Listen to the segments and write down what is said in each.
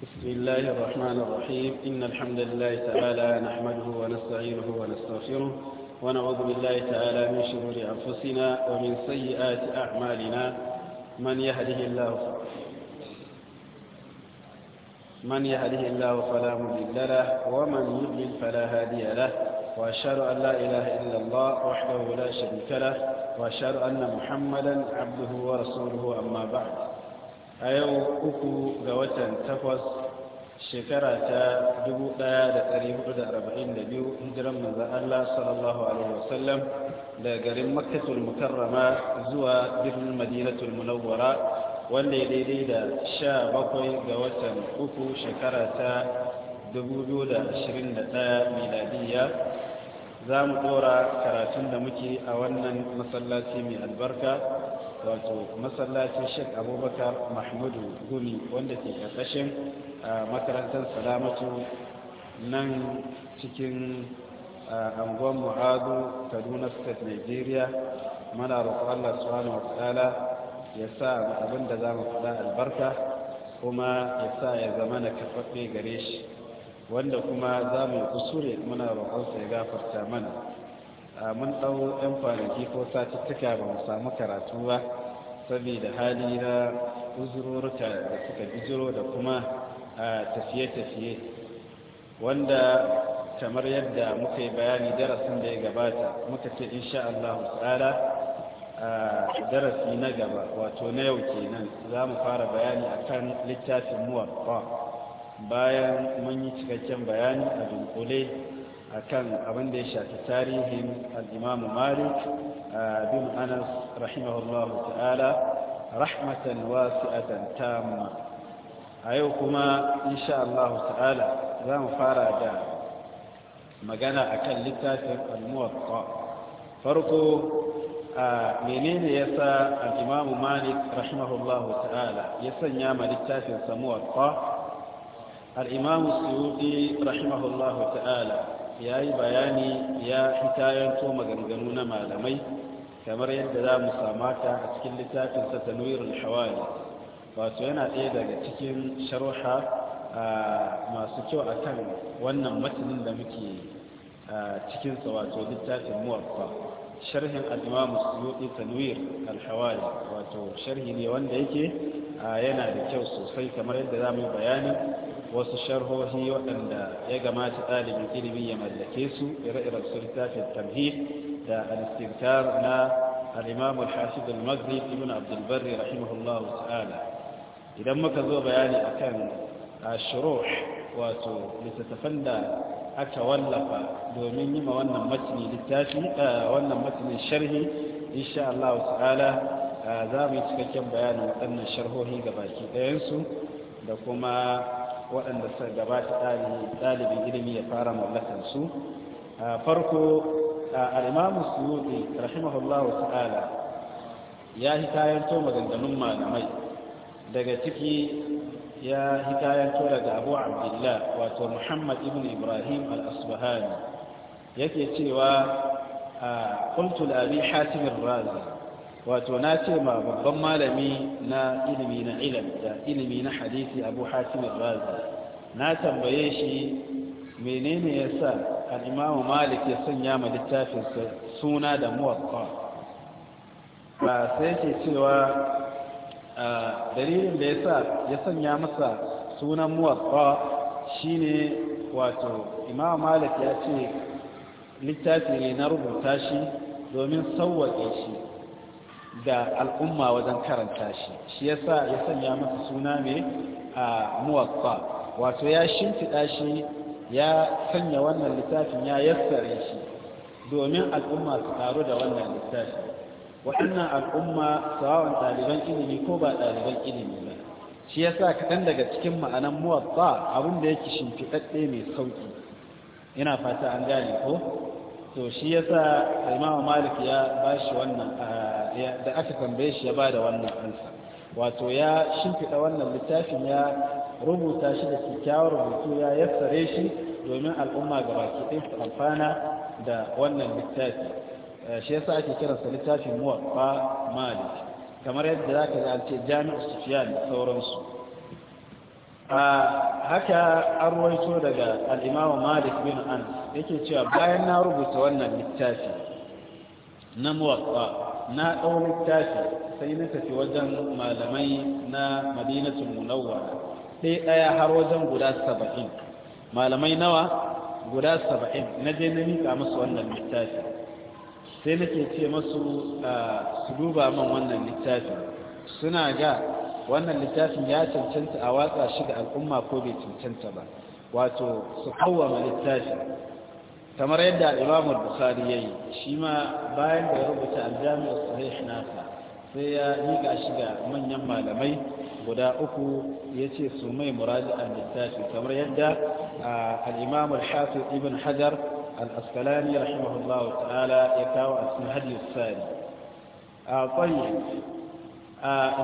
بسم الله الرحمن الرحيم إن الحمد لله تعالى نحمده ونستعينه ونستغفره ونعوذ بالله تعالى من شرور أنفسنا ومن سيئات أعمالنا من يهده الله من يهده الله فلا مضل له ومن يضلل فلا هادي له وأشهد أن لا إله إلا الله وحده لا شريك له وأشهد أن محمدا عبده ورسوله أما بعد a yau uku ga watan takwas shekara ta 1442 hijiran manzan Allah sallallahu alaihi wasallam da garin makkatul mukarrama zuwa birnin madinatul munawwara wanda ya daidai da 17 ga watan uku shekara ta 2021 miladiyya za mu dora karatun da muke a wannan masallaci mai albarka wato masallacin shek abubakar mahmudu guni wanda ke ƙarƙashin makarantar salamatu nan cikin anguwan mu'adu kaduna state nigeria mana roƙo allah subhanahu wa ya sa abin da za mu faɗa albarka kuma ya sa ya zama na karɓaɓɓe gare shi wanda kuma za mu kusure muna roƙonsa ya gafarta mana mun ɗau 'yan kwanaki ko satuttuka ba mu samu karatu ba saboda hali na uzurorka da suka bijiro da kuma tafiye-tafiye wanda kamar yadda muka yi bayani darasin da ya gabata muka ce insha Allah ta'ala darasi na gaba wato na yau kenan za mu fara bayani a kan littafin muwa. bayan mun yi cikakken bayani a dunkule akan abin da ya shafi tarihin al-Imam Malik bin Anas rahimahullahu ta'ala rahmatan wasi'atan tamma a yau kuma insha Allah ta'ala za mu fara da magana akan littafin al-Muwatta farko menene yasa al-Imam Malik rahimahullahu ta'ala ya sanya ma littafin sa Muwatta al-Imam Suyuti rahimahullahu ta'ala ya yi bayani ya to maganganu na malamai kamar yadda za mu samata a cikin littafinsa ta nuwirin wato yana ɗaya daga cikin sharuha masu kyau a kan wannan matanin da muke cikinsa wato littafin muwabba. sharhin al'imamu suyuɗi tanwir alhawali wato sharhi ne wanda yake yana da kyau sosai kamar yadda za mu yi bayani wasu sharhohi waɗanda ya gamata ɗalibin ilimin ya mallake su ire-iren su littafin tamhid da al na alimamul imam al ibn abd al ta'ala idan muka zo bayani a kan ashiro ah, wato littattafan da aka wallafa domin yi ma wannan matini littafi ah, wannan matinin sharhi insha Allah ta'ala ah, za mu yi cikakken bayanin waɗannan sharhohi ga baki ɗayansu da kuma waɗanda suka gabata ɗalibin ilimi ya fara mallakansu farko al'imamu suyuɗi rahimahullahu ta'ala ya hikayanto maganganun malamai daga ciki ya hikayanto daga abu abdullah wato muhammad ibn ibrahim al-asbahani yake cewa قلت لأبي hatimin ra'zi. wato na ce ma babban malami na ilimi na ilal da ilimi na hadisi abu al razi na tambaye shi menene ya sa al'imamu malik ya sanya ma littafinsa suna da muwakka ba sai ke cewa dalilin da ya sa ya sanya masa sunan muwakka shine wato imamu malik ya ce littafi ne na rubuta shi domin sauwaƙe shi da al'umma wajen karanta shi shi yasa ya sanya masa suna mai a muwaffa wato ya shimfiɗa shi ya sanya wannan littafin ya yassare shi domin al'umma su taru da wannan littafin waɗannan al'umma sawawan ɗaliban ilimi ko ba ɗaliban ilimi ba shi ya sa kaɗan daga cikin ma'anan muwaffa abin da yake shimfiɗaɗɗe mai sauƙi ina fata an gane ko to shi ya sa malik ya bashi wannan da aka tambaye shi ya ba da wannan ansa wato ya shimfiɗa wannan littafin ya rubuta shi da kyakkyawar rubutu ya yassare shi domin al'umma ga baki ɗin su amfana da wannan littafi eh, shi yasa ake kiransa littafin muwaffa malik kamar yadda za ka ga an ce sufiyan da sauransu A haka an ruwaito daga al'imamu malik bin an yake cewa bayan na rubuta wannan littafi na muwaffa na ɗau littafi sai na tafi wajen malamai na madinatul munawwa sai ɗaya har wajen guda saba'in malamai nawa guda saba'in na je na miƙa musu wannan littafi sai nake ce masu su duba man wannan littafi suna ga wannan littafin ya cancanta a watsa shi da al'umma ko bai cancanta ba wato su kawwama littafi kamar yadda imamu bukhari ya yi shi ma bayan da ya rubuta aljami'ar sahih nasa sai ya miƙa shi ga manyan malamai guda uku ya ce su mai a littafi kamar yadda al'imamu al-hafiz ibn hajar al-askalani rahimahullahu ta'ala ya kawo a cikin hadis sari a ƙwanye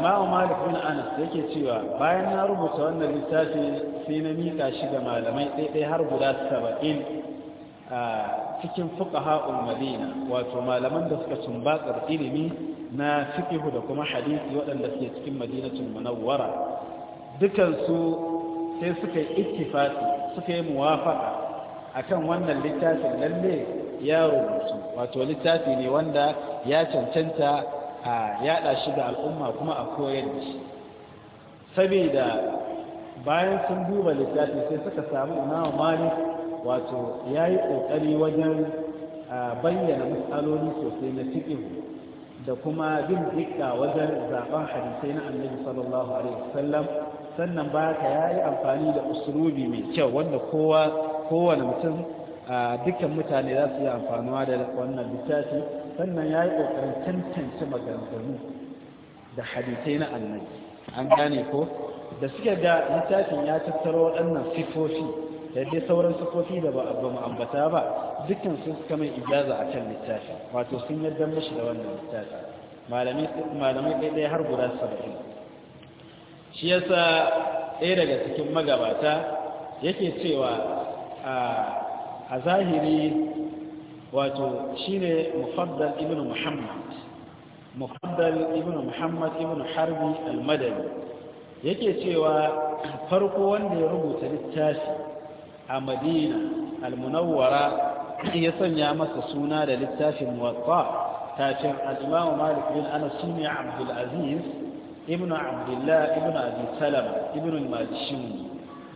imamu malik bin anas yake cewa bayan na rubuta wannan littafi sai na miƙa shi ga malamai ɗaiɗai har guda saba'in cikin fuqaha'ul madina wato malaman da suka tumbatsar ilimi na cikihu da kuma hadisi waɗanda suke cikin madinatul munawwara dukansu sai suka yi ittifaqi suka yi A akan wannan littafin lalle ya rubutu wato littafi ne wanda ya cancanta a yada shi da al'umma kuma a koyar da shi saboda bayan sun duba littafi sai suka samu imamu malik wato ya yi ƙoƙari wajen bayyana matsaloli sosai na cikin da kuma bin dukka wajen zaɓen hadisai na annabi sallallahu alaihi wasallam sannan ba ka ya yi amfani da usulubi mai kyau wanda kowa kowane mutum dukkan mutane za su yi amfanuwa da wannan littafi sannan ya yi ƙoƙarin tantance maganganu da hadisai na annabi an gane ko da suke ga littafin ya tattaro waɗannan sifofi da sauran sufofi da ba mu ambata ba dukkan sun suka mai ijaza a kan littafi wato sun yarda mashi da wannan littafi malamai ɗaiɗaya har guda saba'in shi yasa ɗaya daga cikin magabata yake cewa a zahiri wato shine mufaddal ibn muhammad mufaddal ibn muhammad ibn harbi al-madani yake cewa farko wanda ya rubuta littafi a madina almunawwara ya sanya masa suna da littafin muwatta kafin al'imamu malik bin anas shine abdul ibn abdullah ibn abi ibn al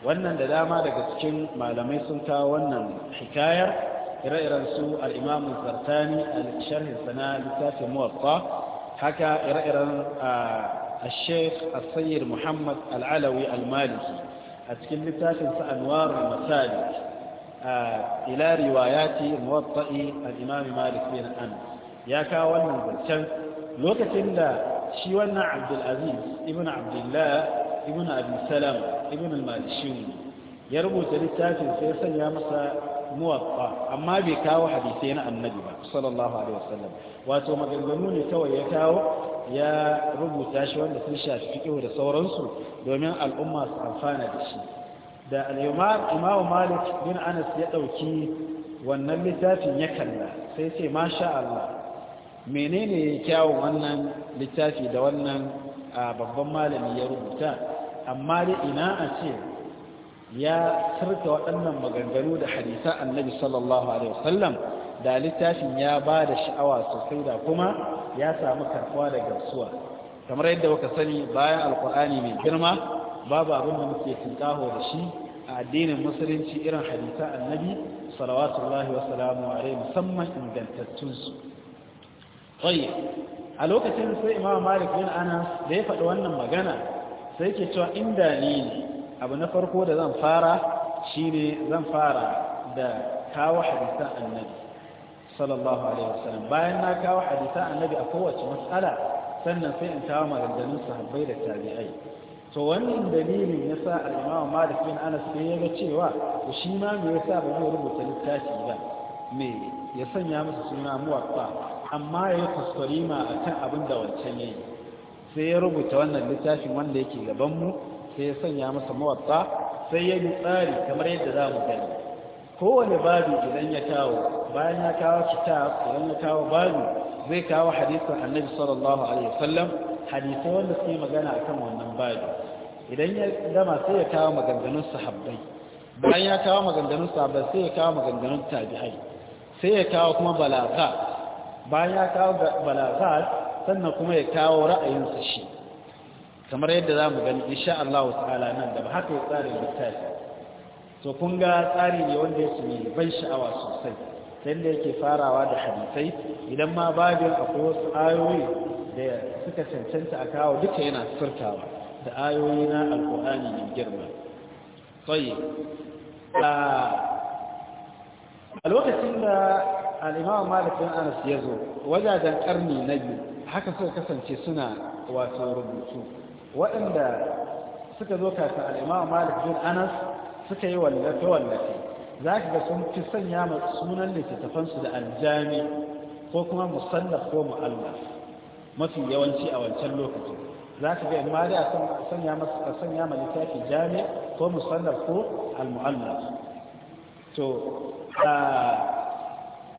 wannan da dama daga cikin malamai sun kawo wannan hikayar ire-iren su al'imamu zartani al-sharhin sana littafin muwatta haka ire-iren الشيخ السيد محمد al المالكي a cikin littafin sa anwarul masalik ila riwayati muwatta'i al-imam malik bin anas ya kawo wannan zancen lokacin da shi wannan abdul aziz ibn abdullah ibn abi salam ibn al-malishun ya rubuta littafin sai sanya masa muwatta amma bai kawo hadisai na annabi ba sallallahu alaihi wasallam wato maganganu ne kawai ya kawo ya rubuta shi wanda sun shafi fiƙihu da sauransu domin al'umma su amfana da shi da al'umar imamu malik bin anas ya ɗauki wannan littafin ya kalla sai sai masha Allah menene kyawun wannan littafi da wannan babban malami ya rubuta amma da ina a ce ya sirka waɗannan maganganu da hadisa annabi sallallahu alaihi wasallam da littafin ya ba da sha'awa sosai da kuma ya samu karbuwa da gamsuwa kamar yadda waka sani bayan alkur'ani mai girma babu abin da muke tinkaho da shi a addinin musulunci irin hadisa annabi salawatullahi wa salamu alaihi musamman ingantattunsu. tsaye a lokacin sai imam malik bin anas da ya faɗi wannan magana sai ke cewa inda ne abu na farko da zan fara shine zan fara da kawo hadisan annabi sallallahu alaihi wasallam bayan na kawo hadisa annabi a kowace matsala sannan sai in kawo maganganun sahabbai da tabi'ai to wannan dalilin ya sa al-Imam malik bin anas sai ya ga cewa to shi ma me yasa ba zai rubuta littafi ba me ya sanya masa suna muwaffa amma ya yi ma a kan abin da wancan yayi sai ya rubuta wannan littafin wanda yake gaban mu sai ya sanya masa muwaffa sai ya yi tsari kamar yadda za mu gani kowane babu idan ya kawo bayan ya kawo kitab idan ya kawo babu zai kawo hadisin annabi sallallahu alaihi wasallam hadisai wanda suke magana akan wannan babu idan ya gama sai ya kawo maganganun sahabbai bayan ya kawo maganganun sahabbai sai ya kawo maganganun tabi'ai sai ya kawo kuma balaga bayan ya kawo balaga sannan kuma ya kawo ra'ayinsa shi kamar yadda za mu gani insha Allah ta'ala nan da haka ya tsare littafi to kun ga tsari ne wanda yake mai ban sha'awa sosai sai da yake farawa da hadisai idan ma babin akwai wasu ayoyi da suka cancanta a kawo duka yana furtawa da ayoyi na alkur'ani mai girma tsaye a lokacin da al'imam malikin anas ya zo wajajen karni na biyu haka suka kasance suna wato rubutu waɗanda suka zo kafin al'imam malikin anas suka yi wallafe-wallafe za ka ga sun fi sanya sunan littattafansu da aljami ko kuma musallar ko mu'allaf mafi yawanci a wancan lokacin za ka ga amma da a sanya ma littafi jami ko musallar ko al-mu'allaf to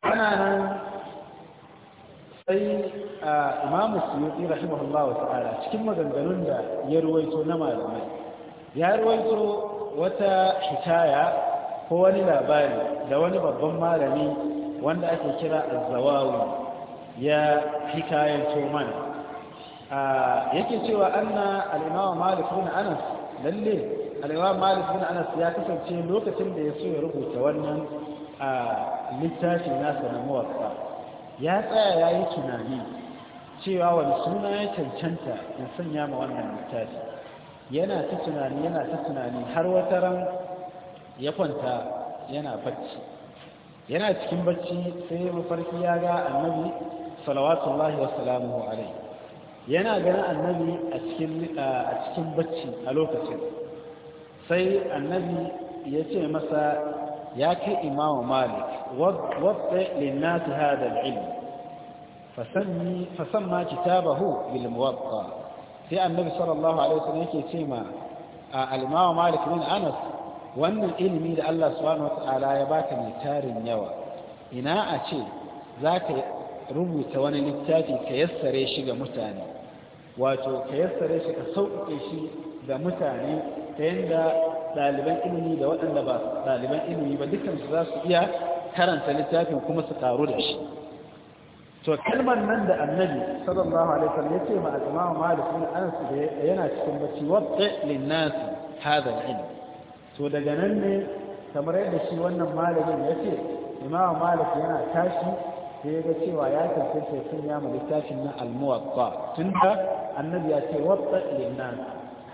ana nan sai imamu suyuti rahimahullah wa ta'ala cikin maganganun da ya ruwaito na malamai ya ruwaito wata hikaya ko wani labari da wani babban malami wanda ake kira azzawawi ya hikayanto mana yake cewa anna al-imam malik ibn anas lalle al-imam malik anas ya kasance lokacin da ya so ya rubuta wannan littafin nasa na mawafa ya tsaya ya yi tunani cewa wani suna ya cancanta in sanya ma wannan littafi yana ta tunani yana ta tunani har wata ran ya kwanta yana bacci yana cikin bacci sai mafarki ya ga annabi salawatullahi Wasalamu salamuhu yana ganin annabi a cikin bacci a lokacin sai annabi ya ce masa ya kai imamu malik wadda linnati hada al'ilm fasanni fasamma kitabahu bil muwatta sai annabi sallallahu alaihi wasallam yake ce ma al-imamu malik bin anas wannan ilimi da Allah subhanahu wata'ala ya baka mai tarin yawa ina a ce za ka rubuta wani littafi ka yassare shi ga mutane wato ka yassare shi ka sauƙaƙe shi ga mutane ta yadda ɗaliban ilimi da waɗanda ba ɗaliban ilimi ba dukansu za su iya karanta littafin kuma su karu da shi to kalmar nan da annabi sallallahu alaihi wasallam yace ma al-imam malik bin anas yana cikin bacci wadda lin nas hadha al-ilm so daga nan ne kamar yadda shi wannan malamin ya ce imamu malik yana tashi sai ga cewa ya tantance sun ya mu littafin na al-muwatta tunda annabi ya ce watta linnan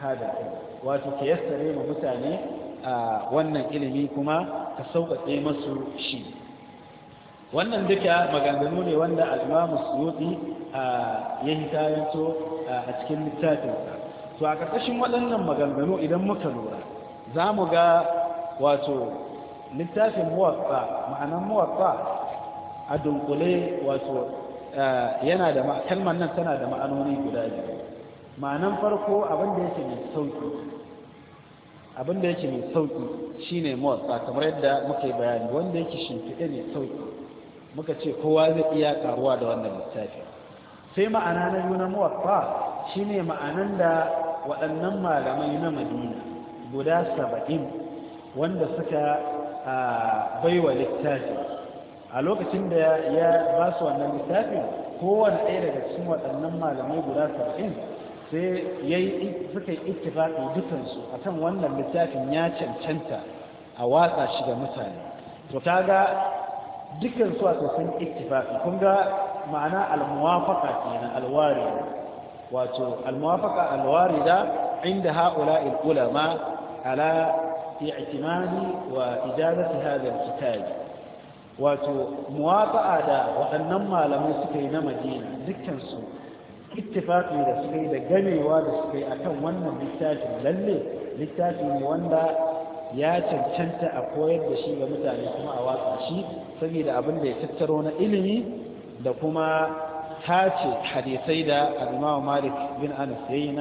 hada wato ke yassare ma mutane a wannan ilimi kuma ka sauƙaƙe masu shi wannan duka maganganu ne wanda al-imamu suyuti ya hikayanto a cikin littafinsa to a ƙarƙashin waɗannan maganganu idan muka lura za mu ga wato littafin muwatsa ma'anan muwatsa a dunkule wato eh, yana da kalmar nan tana da ma'anoni guda biyu ma'anan farko abinda yake mai sauki abinda yake mai sauki shine muwatsa kamar yadda muka yi bayani wanda yake shimfiɗe mai sauki muka ce kowa zai iya karuwa da wannan littafin sai ma'ana na yi na shi shine ma'anan da waɗannan malamai na madina guda saba'in wanda suka baiwa littafi a lokacin da ya ba su wannan littafin kowane ɗaya daga cikin waɗannan malamai guda saba'in sai ya yi suka yi ittifaɗi dukansu a kan wannan littafin ya cancanta a watsa shi mutane to kaga dukansu a sun ittifaɗi kun ga ma'ana almuwafaka kenan alwari wato almuwafaka alwari da inda ha'ula'il ulama على اعتماد وإجابة هذا الكتاب wato muwafa'a da waɗannan malamai suka yi na madina dukkansu ittifaqi da suka da gamewa da suka yi akan wannan littafin lalle littafi ne wanda ya cancanta a koyar da shi ga mutane kuma a watsa shi saboda abin da ya tattaro na ilimi da kuma tace hadisai da al-Imam Malik bin Anas yayin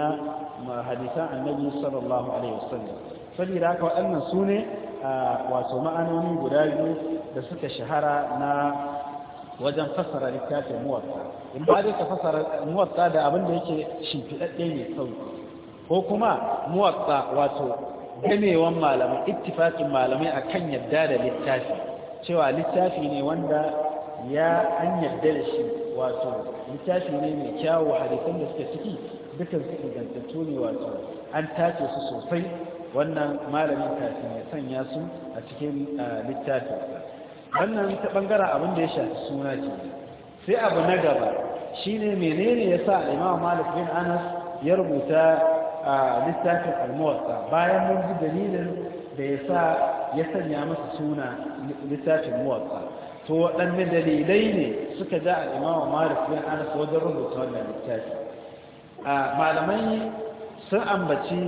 hadisan Annabi sallallahu alaihi wasallam saboda haka waɗannan su ne wato ma'anoni guda biyu da suka shahara na wajen fassara littafin muwatta in ba dai ka fassara muwatta da abin da yake shimfiɗaɗɗe mai sauki ko kuma muwatta wato gamewan malamai ittifakin malamai akan yadda da littafi cewa littafi ne wanda ya an yadda da shi wato littafi ne mai kyawu hadisan da suke ciki dukkan su ingantattu ne wato an tace su sosai wannan malamin kafin ya sanya su a cikin littafin wannan ta bangaren abin da ya shafi suna ce sai abu na gaba shine menene yasa Imam Malik bin Anas ya rubuta a littafin al-Muwatta bayan mun ji dalilin da yasa ya sanya masa suna littafin Muwatta to waɗanne dalilai ne suka ja al'imamu malik bin anas wajen rubuta wannan littafi a malamai sun ambaci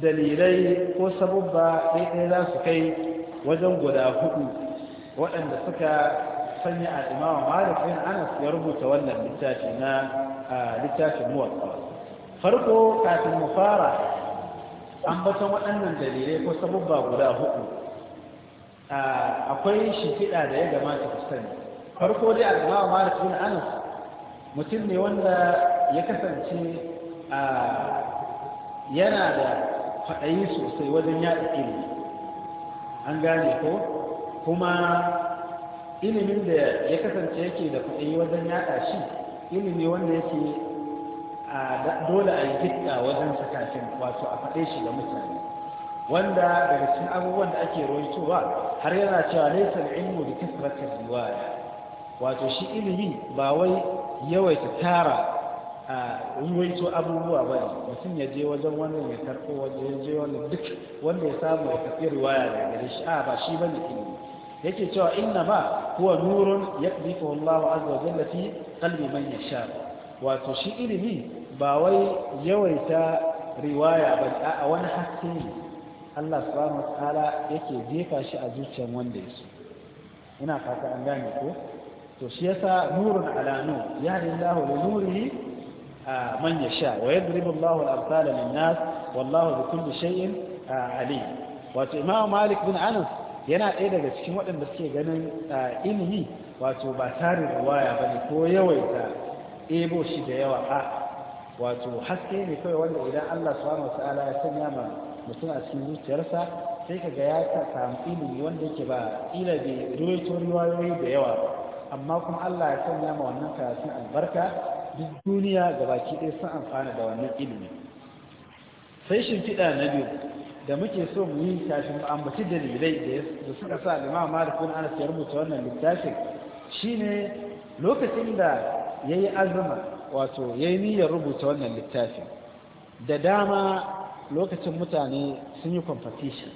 dalilai ko sabubba ɗaiɗai za su kai wajen guda hudu waɗanda suka sanya a imamu malik bin anas ya rubuta wannan littafi na littafin muwatta farko kafin mu fara an ambaton waɗannan dalilai ko sabubba guda hudu akwai shimfiɗa da ya gamata ku sani farko dai al'imamu malik bin anas mutum ne wanda ya kasance yana da kwaɗayi sosai wajen yaɗa ilimi an gane ko kuma ilimin da ya kasance yake da kwaɗayi wajen yaɗa shi ilimi wanda yake dole a yi dukka wajen sakafin wato a faɗe shi ga mutane wanda daga cikin abubuwan da ake rohitowa har yana cewa laisar ilmu da kisratin riwaya wato shi ilimi ba wai yawaita tara a ruwaito abubuwa ba mutum ya je wajen wannan ya karko wajen ya je wannan duk wanda ya samu ya karɓi riwaya da gare shi a ba shi ba ne yake cewa inna ma huwa nurun yaqdifu Allahu azza wa jalla fi qalbi man yasha wato shi ilimi ba wai yawaita riwaya ba a wani haske ne Allah subhanahu wa ta'ala yake jefa shi a zuciyar wanda ya so ina fata an gane ko to shi yasa nurun ala nur ya lillahi li nurihi man yasha wa yadribu Allahu al-amsala lin-nas wallahu bi kulli shay'in wato Imam Malik bin Anas yana ɗaya daga cikin waɗanda suke ganin ilimi wato ba tarin ruwaya bane ko yawaita ebo shi da yawa a wato haske ne kawai wanda idan Allah subhanahu Sala ya sanya ma mutum a cikin zuciyarsa sai kaga ya samu ilimi wanda yake ba ila bai ruwaito riwayoyi da yawa amma kuma Allah ya sanya ma wannan karatun albarka duk duniya gabaki ɗaya sun amfana da wannan ilimi sai shi fiɗa na biyu da muke so mu yi tashin mu ambaci dalilai da suka sa limam da bin anas ya rubuta wannan littafin shine lokacin da ya yi azuma wato ya yi niyyar rubuta wannan littafin da dama lokacin mutane sun yi competition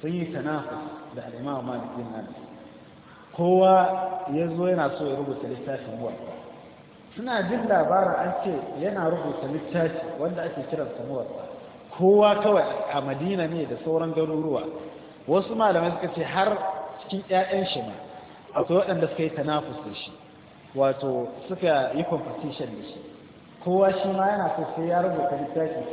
sun yi tanafa da al-imam da anas kowa ya zo yana so ya rubuta littafin muwatta suna jin labarin an ce yana rubuta littafi wanda ake kiransa muwatta kowa kawai a madina ne da sauran garuruwa wasu malamai suka ce har cikin 'ya'yan shi ma akwai waɗanda suka yi tanafus da shi wato suka yi competition da shi kowa shi ma yana so sai ya rubuta littafi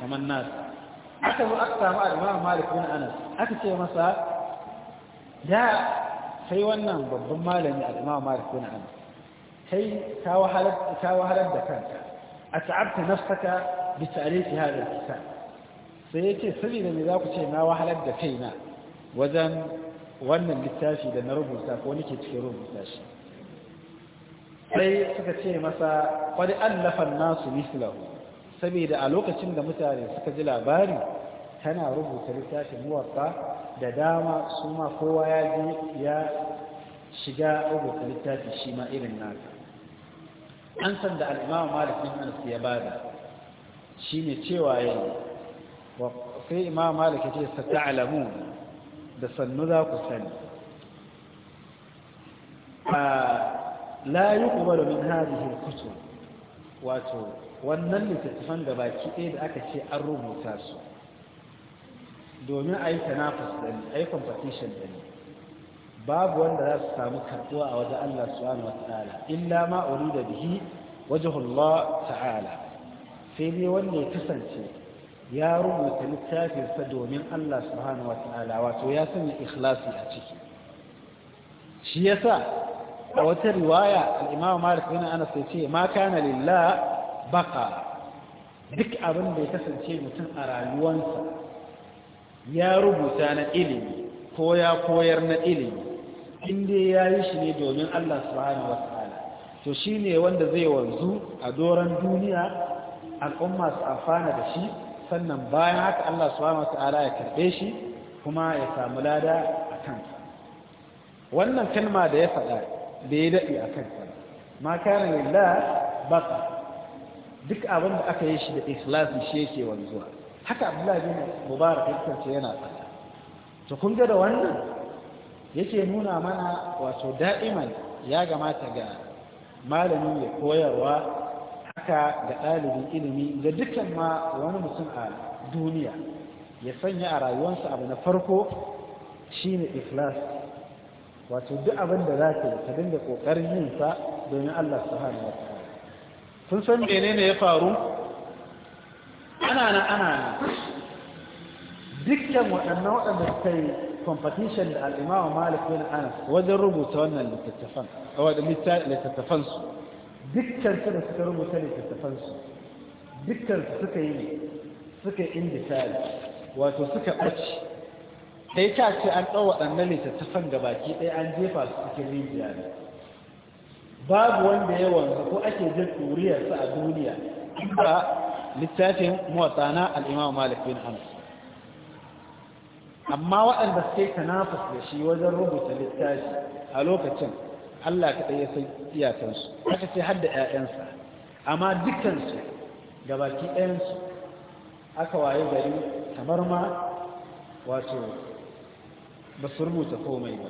kamar nasa aka zo aka samu al'imam malik bin anas aka ce masa ya sai wannan babban malami al'imam malik bin anas kai ka wahalar da kanta a ta'abta nafsaka bi tarihi hadal kitab sai yace sabida me za ku ce na wahalar da kaina wajen wannan littafi da na rubuta ko nake cikin rubuta shi sai suka ce masa qad allafa an-nasu mithlahu saboda a lokacin da mutane suka ji labari tana rubuta littafin muwatta da dama su kowa ya ji ya shiga rubuta littafi shi ma irin naka an san da al’imama malik bin anas ya bada ne cewa wa sai imam malik ya ce sa ta’alamu da sannu za ku sani la yuqbalu min hadhihi al-kutub wato wannan littattafan da baki ɗaya da aka ce an rubuta su domin a yi tanafus da ni, a yi competition da ne babu wanda za su samu karbuwa a wajen Allah subhanahu wataala illa ma urida bihi wajhullah ta'ala sai dai wanda ya kasance ya rubuta littafinsa domin Allah subhanahu wataala wato ya sanya ikhlasi a ciki shi yasa a wata riwaya al-Imam Malik bin Anas ce ma kana lillah baqa duk abin da ya kasance mutum a rayuwarsa ya rubuta na ilimi ko ya koyar na ilimi in dai ya yi shi ne domin Allah subhanahu wa ta'ala to shi ne wanda zai wanzu a doron duniya al'umma su amfana da shi sannan bayan haka Allah subhanahu wa ta'ala ya karɓe shi kuma ya samu lada a kansa wannan kalma da ya faɗa da ya daɗe a kansa ma kana lillah baqa duk abin da aka yi shi da ikhlasi shi yake wanzuwa haka Abdullahi bin Mubarak yake yana faɗa to kun ga da wannan yake nuna mana wato da'iman ya gamata ga malamin ya koyarwa haka ga ɗalibin ilimi ga dukkan ma wani mutum a duniya ya sanya a rayuwarsa abu na farko shine ikhlas wato duk abin da za ka yi ka dinga ƙoƙarin yin sa domin Allah su hana wata. Sun san menene ya faru ana na, ana na. dukkan waɗannan waɗanda suka yi competition da al'imamu malik bin anas wajen rubuta wannan littattafan a wadda littattafansu dukkan su da suka rubuta littattafansu dukkan su suka yi suka yi indisali wato suka ɓace sai ka ce an ɗau waɗannan littattafan gabaki ɗaya an jefa su cikin rijiya ne babu wanda ya wanzu ko ake jin ɗuriyarsa a duniya ba littafin motsa na al'imamu malik bin anas amma waɗanda sai tanafus da shi wajen rubuta littafi a lokacin Allah kaɗai ya san iyakansu Haka ce har da 'ya'yansa amma dukansu baki ɗayansu aka waye gari kamar ma wato ba su rubuta komai ba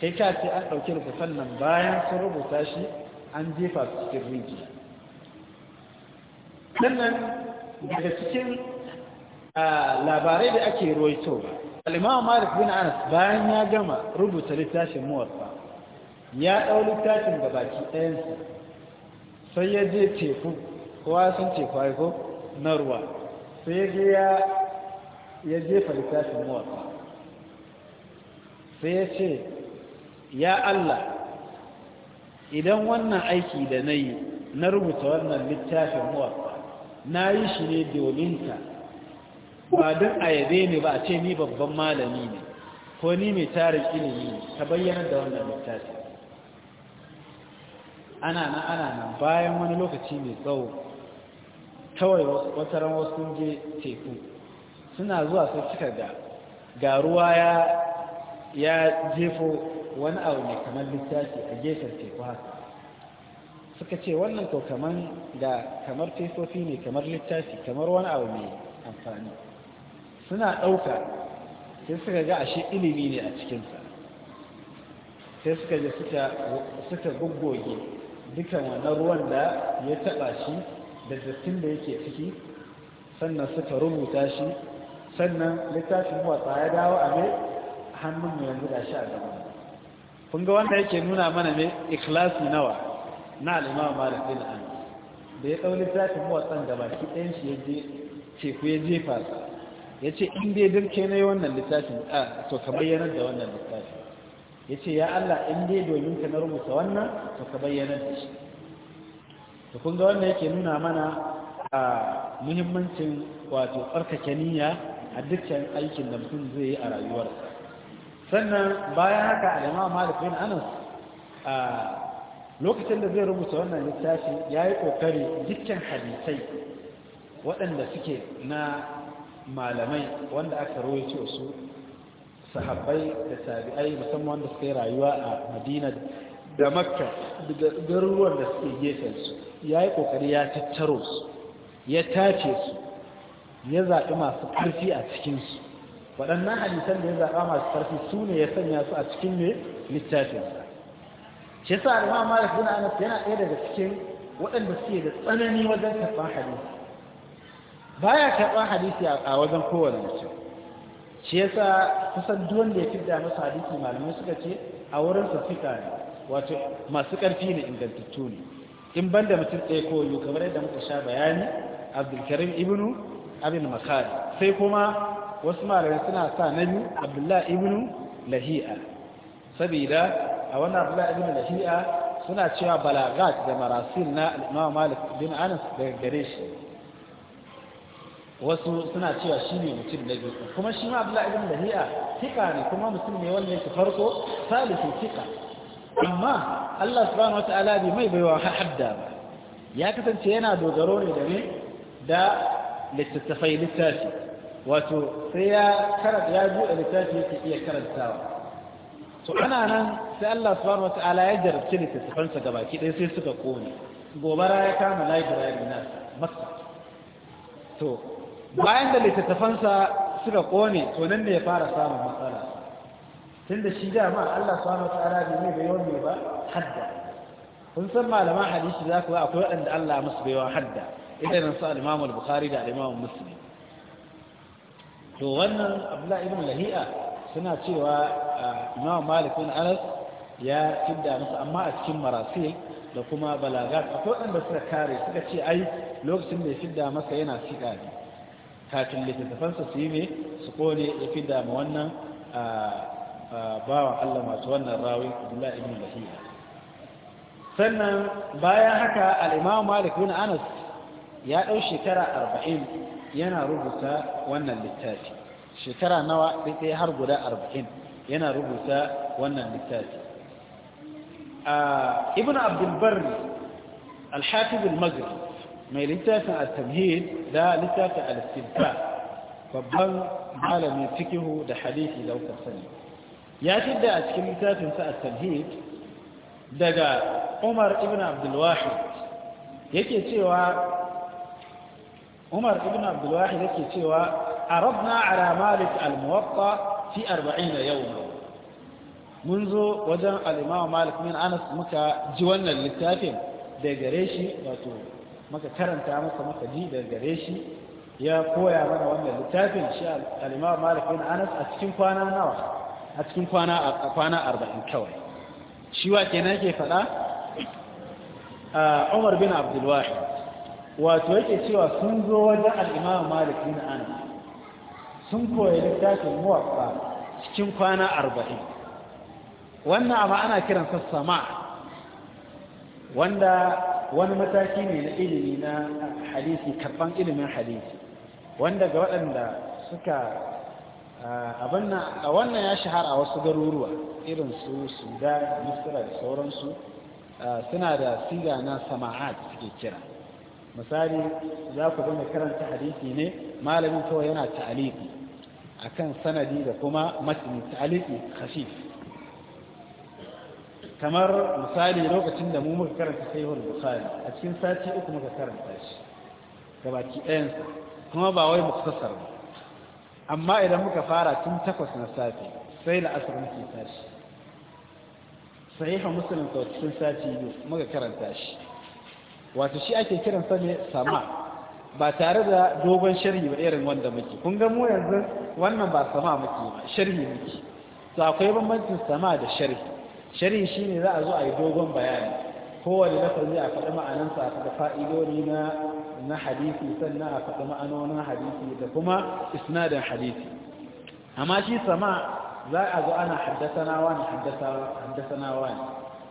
kai ka ce an ɗauki rubutan nan bayan sun rubuta shi an jefa su cikin rijiya Ɗannan daga cikin ah, labarai da ake ba. al'imam malik bin anas bayan ya gama rubuta littafin muwarsa ya ɗau littafin da baki ɗayansa sai ya je teku kowa sun teku aiko na ruwa sai ya ya jefa littafin muwarsa sai ya ce ya allah idan wannan aiki da na yi na rubuta wannan littafin muwarsa na yi shi ne dominta ba don a yabe ne ba a ce ni babban malami ne ko ni mai tarin ilimi ta bayyanar da wannan littafi ana na, ana na bayan wani lokaci mai tsawo kawai wata wasu sun je teku suna zuwa sun cika ga ga ya ya jefo wani abu mai kamar littafi a gefen teku haka suka ce wannan ko kamar da kamar tesofi ne kamar littafi kamar wani abu mai amfani suna ɗauka sai suka ga ashe ilimi ne a cikinsa sai suka ji suka guggoge dukan wannan ruwan da ya taɓa shi da dattin da yake ciki sannan suka rubuta shi sannan littafin watsa ya dawo a mai hannun mai yanzu da shi a gaba kun ga wanda yake nuna mana mai ikhlasi nawa na alimawa Mara bin da ya ɗau littafin watsan da baki ɗayan shi ya je teku ya jefa sa ya ce in dai dirke na yi wannan littafin a to ka bayyanar da wannan littafin ya ce ya Allah in dai domin ka na rubuta wannan to ka bayyanar da shi to kun wannan yake nuna mana a muhimmancin wato tsarkake niyya a dukkan aikin da mutum zai yi a rayuwarsa sannan bayan haka a malik malafin anas a lokacin da zai rubuta wannan littafin ya yi ƙoƙari dukkan hadisai waɗanda suke na malamai wanda aka ce su sahabbai da tabi'ai musamman wanda suka rayuwa a madina da makka da garuruwan da suke gefen su ya yi kokari ya tattaro su ya tace su ya zaɓi masu ƙarfi a cikinsu waɗannan hadisan da ya zaɓa masu ƙarfi su ne ya sanya su a cikin ne littafinsa shi sa al'amma malik anas yana ɗaya daga cikin waɗanda suke da tsanani wajen karɓar hadisi baya karɓar hadisi a wajen kowane mutum shi yasa kusan duwan da ya fidda masa hadisi malamai suka ce a wurin su fika ne wato masu ƙarfi ne ingantattu ne in ban da mutum ɗaya ko yiwu kamar yadda muka sha bayani abdulkarim ibnu abin makari sai kuma wasu malamai suna sa na biyu abdullahi ibnu lahi'a saboda a wannan abdullahi ibnu lahi'a suna cewa balagat da marasil na imam malik bin anas daga gare shi wasu suna cewa shi ne mutum na biyu kuma shi ma abu ibn lahiya tika ne kuma mutum ne wanda yake farko salisu tika amma Allah subhanahu wataala bai mai baiwa hadda ba ya kasance yana dogaro ne da ne da littattafai littafi wato sai ya karanta ya buɗe littafi yake iya karantawa to ana nan sai Allah subhanahu wataala ya jarabci littattafansa gabaki ɗaya sai suka kone gobara ya kama library na Makka to bayan da littattafansa suka kone to nan ne ya fara samun matsala tun da shi dama Allah subhanahu wa ta'ala bai mai bayo ne ba hadda kun san malaman hadisi za ku ga akwai waɗanda Allah musu bayo hadda idan su al-Imam bukhari da al-Imam Muslim to wannan Abdullah ibn Lahi'a suna cewa ah, Imam Malik bin Anas ya tidda musu amma a cikin marasil da kuma balagat akwai waɗanda suka kare suka ce ai lokacin da ya fidda masa yana siƙa ne kafin littattafansa su yi ne su kone ya fi dama wannan bawan Allah masu wannan rawi Abdullah ibn Lahiya sannan bayan haka al-Imam Malik bin Anas ya dau shekara 40 yana rubuta wannan littafi shekara nawa sai har guda 40 yana rubuta wannan littafi ibn Abdul Barr al-Hafiz al mai littafin al-tamhid da littafin al-istibba babban malamin cikihu da hadisi da kuka sani ya tidda a cikin littafin sa al-tamhid daga Umar ibn Abdul Wahid yake cewa Umar ibn Abdul yake cewa arabna ala Malik al-Muwatta fi 40 yawma mun zo wajen al-Imam Malik min Anas muka ji wannan littafin da gare shi wato maka karanta maka maka ji daga gare shi ya koya mana wannan littafin shi al'imama malik bin anas a cikin kwana nawa a cikin kwana a kwana arba'in kawai shi wa kenan ke faɗa a umar bin abdulwahi wato yake cewa sun zo wajen al'imama malik bin anas sun koya littafin muwaɓɓa cikin kwana arba'in wannan amma ana kiransa sama wanda wani mataki ne na ilimi na hadisi karban ilimin hadisi wanda ga waɗanda suka a wannan ya shahara a wasu garuruwa irin su sudan misira da sauransu suna da siga na sama'at suke kira misali za ku zama karanta hadisi ne malamin kawai yana ta'aliki akan sanadi da kuma matini ta'aliki khafif kamar misali lokacin da mu muka karanta sahihul bukhari a cikin sati uku muka karanta shi gabaki ɗayansa kuma ba wai muktasar ba amma idan muka fara tun takwas na safe sai na asar muke tashi sahiha muslim ko cikin sati biyu muka karanta shi wato shi ake kiran sa ne sama ba tare da dogon sharhi ba irin wanda muke kun ga mu yanzu wannan ba sama muke ba sharhi muke to akwai bambancin sama da sharhi sharhi shine za a zo a yi dogon bayani kowane lafazi a faɗi ma'anansa a faɗi fa'idodi na na hadisi sannan a faɗi ma'anonin hadisi da kuma isnadin hadisi amma shi sama za a zo ana haddasana wani haddasana wani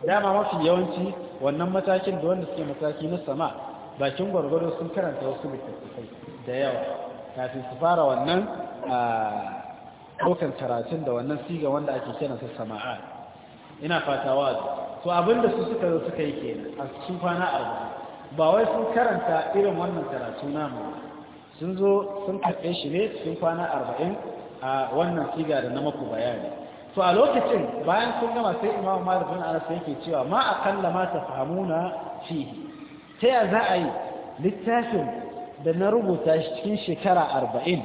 dama mafi yawanci wannan matakin da wanda suke mataki na sama bakin gwargwado sun karanta wasu littattafai da yawa kafin su fara wannan ah, ɗaukan karatun da wannan siga wanda ake kiransa sama'a ina fata wazi to abinda su suka zo suka yi kenan a cikin kwana arba'in ba wai sun karanta irin wannan karatu na mu sun zo sun karɓe shi ne cikin kwana arba'in a wannan siga da na maku bayani to a lokacin bayan sun gama sai imamu malik bin anas yake cewa ma aqalla ma tafhamuna fi ta ya za a yi littafin da na rubuta shi cikin shekara arba'in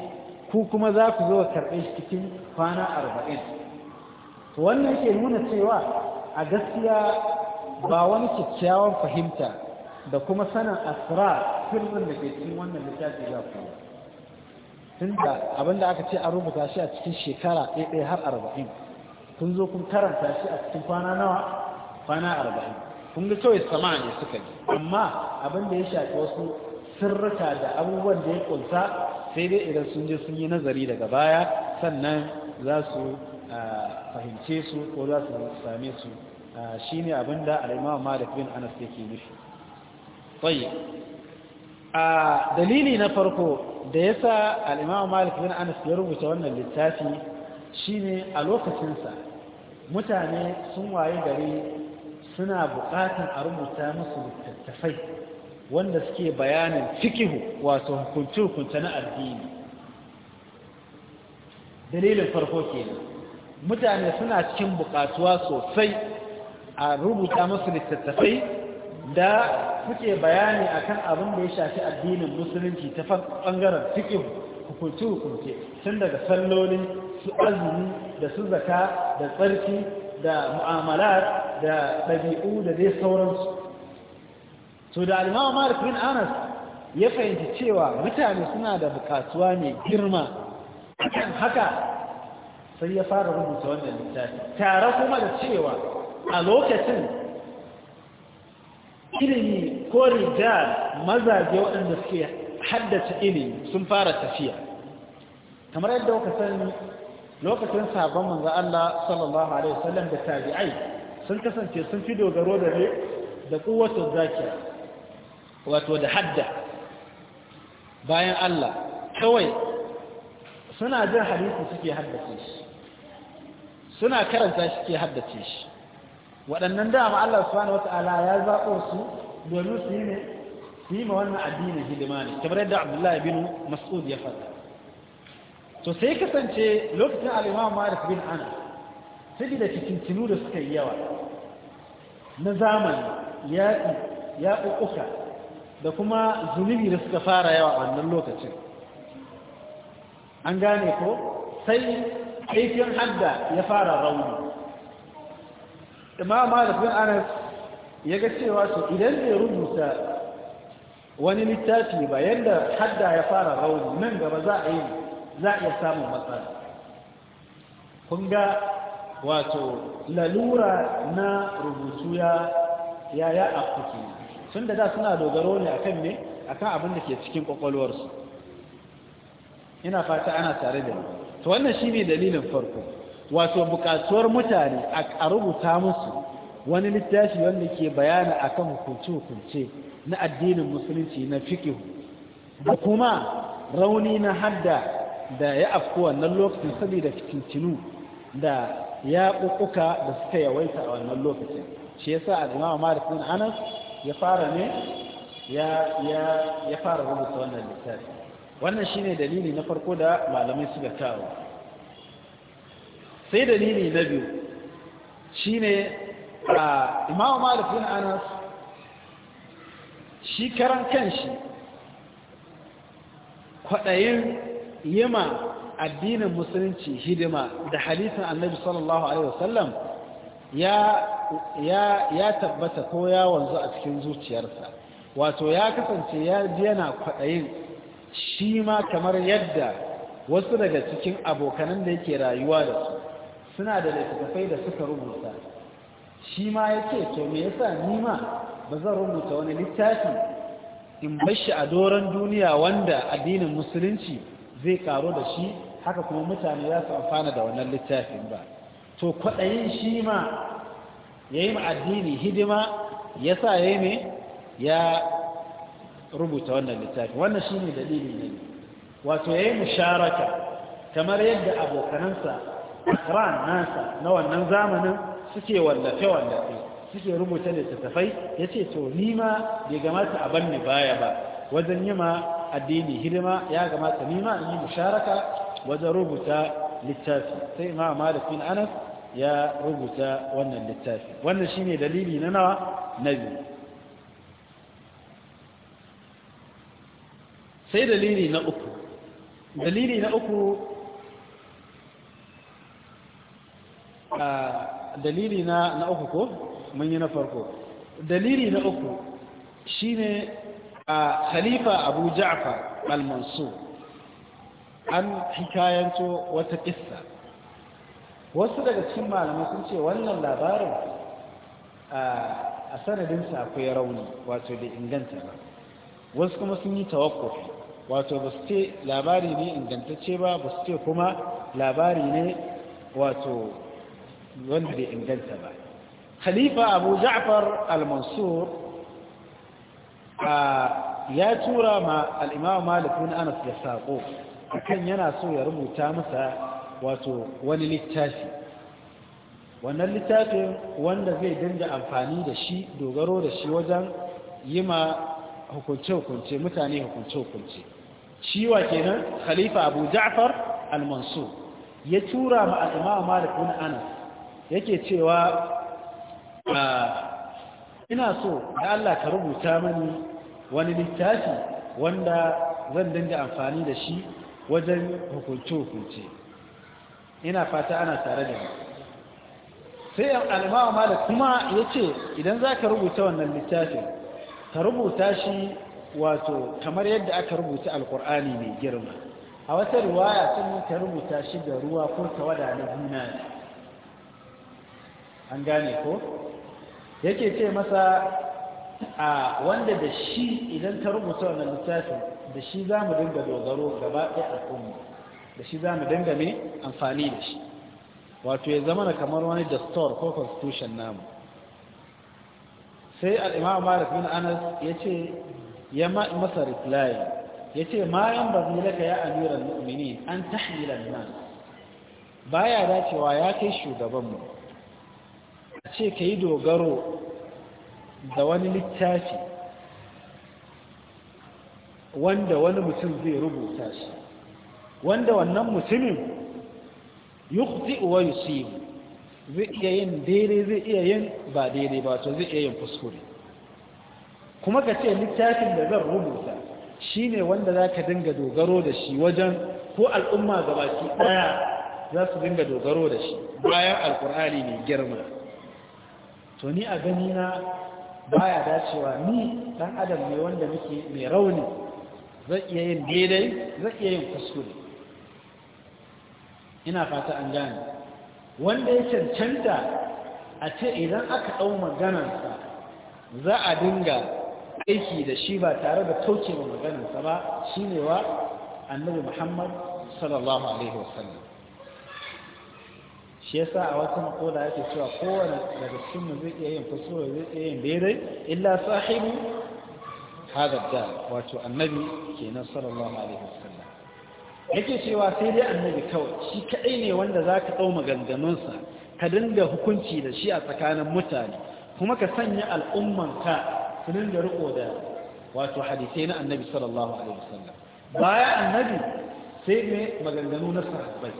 ku kuma za ku zo karɓe shi cikin kwana arba'in wannan ke nuna cewa a gaskiya ba wani kyakkyawan fahimta da kuma sanin asra sirrin da ke cikin wannan littafi za ku tunda abinda aka ce a rubuta shi a cikin shekara ɗaya har arba'in kun zo kun karanta shi a cikin kwana nawa kwana arba'in kun ga kawai sama ne suka yi amma abin da ya shafi wasu sirrika da abubuwan da ya ƙunsa, sai dai idan sun je sun yi nazari daga baya sannan za su fahimce su ko za su same su shi ne abin da malik bin anas yake nufi tsaye a dalili na farko da ya sa al'imawa malik bin anas ya rubuta wannan littafi shi ne a lokacinsa mutane sun waye gari suna bukatan a rubuta musu littattafai wanda suke bayanin fikihu wato hukunce-hukunce na addini dalilin farko kenan mutane suna cikin bukatuwa sosai a rubuta musu littattafai da suke bayani akan abin da ya shafi addinin musulunci ta bangaren cikin hukunci hukunce tun daga salloli su azumi da su zaka da tsarki da mu'amalar da ɗabi'u da dai sauransu to da alimawa mara anas ya fahimci cewa mutane suna da bukatuwa ne girma haka sai ya fara rubuta wannan littafi tare kuma da cewa a lokacin ilimi ko rijal mazaje waɗanda suke haddace ilimi sun fara tafiya kamar yadda kuka sani lokacin sabon manzo Allah sallallahu alaihi wasallam da tabi'ai sun kasance sun fi dogaro da ne da kuwatul zakiya wato da hadda bayan Allah kawai suna jin hadisi suke haddace shi suna karanta shi ke haddace shi waɗannan dama Allah subhanahu wata'ala ya zaɓo su domin su yi ne su yi ma wannan addini hidima ne kamar yadda Abdullahi bin Mas'ud ya faɗa to sai kasance lokacin al-Imam Malik bin Anas sai da cikin da suka yi yawa na zamani yaƙi ya ƙuƙuka da kuma zunubi da suka fara yawa a wannan lokacin an gane ko sai aikin hadda ya fara rauni imam malik bin anas ya ga cewa su idan bai rubuta wani littafi ba yadda hadda ya fara rauni nan gaba za a yi za a iya samun matsala kun ga wato lalura na rubutu ya yaya a kuke sun da suna dogaro ne akan ne akan abin da ke cikin kwakwalwarsu ina fata ana tare da mu to wannan ne dalilin farko wato bukatuwar mutane a rubuta musu wani littafi wanda ke bayana akan hukunce-hukunce na addinin musulunci na fikihu da kuma rauni na hadda da ya afku wannan lokacin saboda fitintinu da ya kukuka da suka yawaita a wannan lokacin shi yasa al-Imam Malik Anas ya fara ne ya fara rubuta wannan littafi wannan ne dalili na farko da malamai suka kawo sai dalili na biyu ne a imamu malik anas shi karan kanshi kwaɗayin yima addinin musulunci hidima da hadisin annabi sallallahu alaihi wasallam ya ya ya tabbata ko ya wanzu a cikin zuciyarsa wato ya kasance ya ji yana kwaɗayin shi ma kamar yadda wasu daga cikin abokanan da yake rayuwa da su suna da littattafai da suka rubuta shi ma ya ce to me yasa ni ma ba zan rubuta wani littafi in bashi a doron duniya wanda addinin musulunci zai karo da shi haka kuma mutane za su amfana da wannan littafin ba to kwaɗayin shi ma ya yi addini hidima ya sa ya yi ne ya rubuta wannan littafi wannan shi ne dalilin ne wato ya yi musharaka kamar yadda abokanansa akran nasa na wannan zamanin suke wallafe-wallafe suke rubuta littattafai ya ce to nima bai gamata a ni baya ba wajen yi ma addini hidima ya gamata nima in yi musharaka wajen rubuta littafi sai ma malafin anas ya rubuta wannan littafi wannan shine dalili na nawa na biyu sai dalili na uku dalili na uku dalili na na uku ko mun yi na farko dalili na uku shine a khalifa abu ja'far al-mansur an hikayanto wata kissa wasu daga cikin malamai sun ce wannan labarin a sanadinsa akwai rauni wato da inganta ba wasu kuma sun yi tawakkufi wato ba su ce labari ne ingantacce ba ba su ce kuma labari ne wato wanda bai inganta ba khalifa abu ja'far al-mansur ya tura ma al'imam malikun anas ya saƙo akan yana so ya rubuta masa wato wani littafi wannan littafin wanda zai dinga amfani da shi dogaro da shi wajen yi ma hukunce-hukunce mutane hukunce-hukunce shi wa kenan khalifa abu ja'far al-mansur ya tura ma al-imam malik bin anas yake cewa ah, ina so da Allah ka rubuta mani wani littafi wanda zan dinga amfani da shi wajen hukunce-hukunce ina fata ana tare da ni sai al-imam malik kuma yace idan zaka rubuta wannan littafin ka rubuta shi wato kamar yadda aka rubuta alkur'ani mai girma a wata riwaya sun ka rubuta shi da ruwa ko ta wada na zina an gane ko yake ce masa a wanda da shi idan ka rubuta wannan littafin da shi za mu dinga dogaro gaba ɗaya al'umma da shi za mu dinga mai amfani da shi wato ya zama kamar wani dastor ko constitution namu sai al'imam malik bin anas ya ce ya masa riflayi ya ce mayan bazi laka ya amiran mu'mini an tahmilan nan ya dacewa ya kai shugabanmu a ce ka yi dogaro da wani littafi wanda wani mutum zai rubuta shi wanda wannan mutumin yukti wa yusibu zai iya yin daidai zai iya yin ba daidai ba to zai iya yin kuskure kuma ka ce littafin da zan rubuta shine wanda za ka dinga dogaro da shi wajen ko al'umma gabaki ɗaya za su dinga dogaro da shi bayan alkur'ani mai girma to ni a gani na baya dacewa ni ɗan adam ne wanda muke mai rauni zai iya yin daidai zai iya yin kuskure ina fata an gane wanda ya cancanta a ce idan aka ɗau maganarsa za a dinga aiki da shi ba tare da tauce wa maganarsa ba shi ne wa annabi muhammad sallallahu alaihi wasallam shi yasa a wata makoda yake cewa kowane daga cikin zai iya yin da zai iya yin daidai illa sahibu hada da wato annabi kenan sallallahu alaihi wasallam yake cewa sai dai annabi kawai shi kaɗai ne wanda za ka ɗau maganganunsa ka dinga hukunci da shi a tsakanin mutane kuma ka sanya al'ummanka su dinga riko da wato hadisai na annabi sallallahu alaihi wasallam baya annabi sai ne maganganu na sahabbai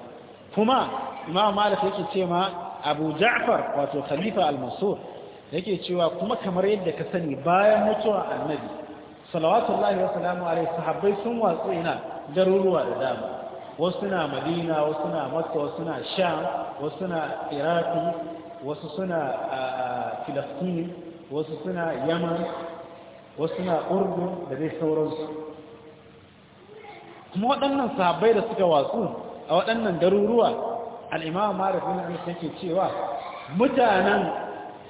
kuma imam malik yake ce ma abu ja'far wato khalifa al-mansur yake cewa kuma kamar yadda ka sani bayan mutuwa annabi salawatullahi wa salamu alaihi sahabbai sun watsu ina garuruwa da dama wasu na madina wasu na makka wasu na sham wasu na iraki wasu suna filastin wasu suna yaman wasu na urdu da dai sauransu kuma waɗannan sahabbai da suka watsu a waɗannan garuruwa al'imam marif bin anas yake cewa mutanen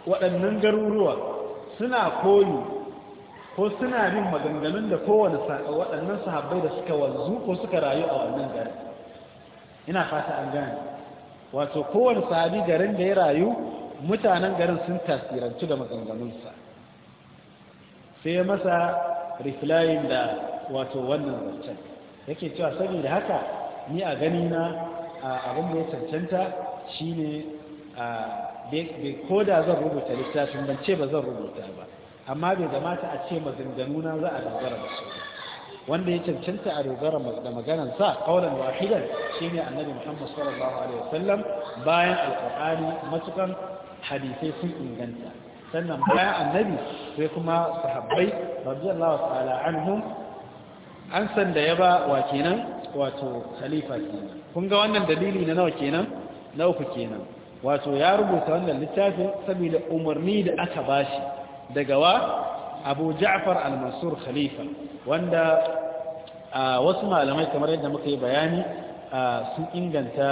waɗannan garuruwa suna koyi ko suna bin maganganun da kowane waɗannan sahabbai da suka wanzu ko suka rayu a wannan garin ina fata an gane wato kowane sahabi garin da ya rayu mutanen garin sun tasirantu da maganganunsa sai ya masa riflayin da wato wannan zancen yake cewa saboda haka ni a gani na abin da ya cancanta shine bai koda zan rubuta littafin ban ce ba zan rubuta ba amma bai zama ta a ce maganganu na za a dogara da su wanda ya cancanta a dogara da maganan sa kaulan wahidan shine annabi Muhammad sallallahu alaihi wasallam bayan alqur'ani matukan hadisai sun inganta sannan bayan annabi sai kuma sahabbai radiyallahu ta'ala anhum an san da ya ba wa kenan wato khalifa kenan kun ga wannan dalili na nawa kenan na uku kenan wato ya rubuta wannan littafin saboda umarni da aka bashi daga wa abu ja'far al-mansur khalifa wanda wasu malamai kamar yadda muka yi bayani sun inganta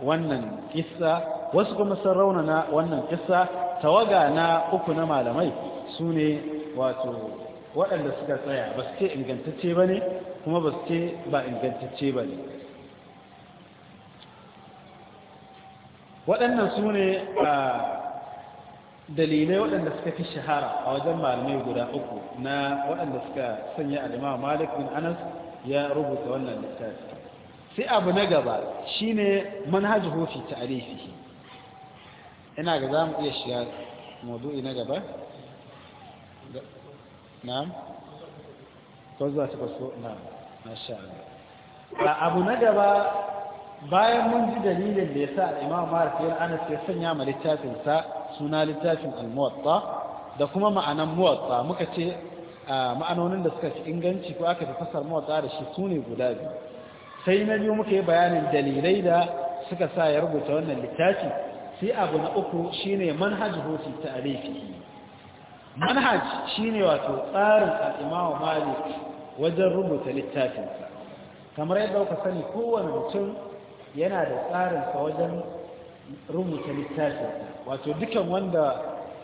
wannan kissa wasu kuma sun raunana wannan kissa tawaga na uku na malamai su ne wato waɗanda suka tsaya ba su ce ingantacce ba ne kuma ba su ce ba ingantacce ba ne waɗannan su ne a dalilai waɗanda suka fi shahara a wajen malamai guda uku na waɗanda suka sanya alima malik bin anas ya rubuta wannan littafi sai abu na gaba shine manhaj hofi ta'arifi ina ga za mu iya shiga maudu'i na gaba na'am ko zuwa ta kwaso na'am masha Allah abu na gaba bayan mun ji dalilin da ya sa al'imam malik bin anas ya sanya ma littafinsa suna littafin al-muwatta da kuma ma'anan muwatta muka ce ma'anonin da suka fi inganci ko aka fi fasar muwatta da shi sune guda biyu sai na biyu muka yi bayanin dalilai da suka sa ya rubuta wannan littafi sai abu na uku shine manhaj hoti ta alifi manhaj shine wato tsarin al malik wajen rubuta littafinsa kamar yadda kuka sani kowane mutum yana da tsarinsa wajen rubuta littafi wato dukan wanda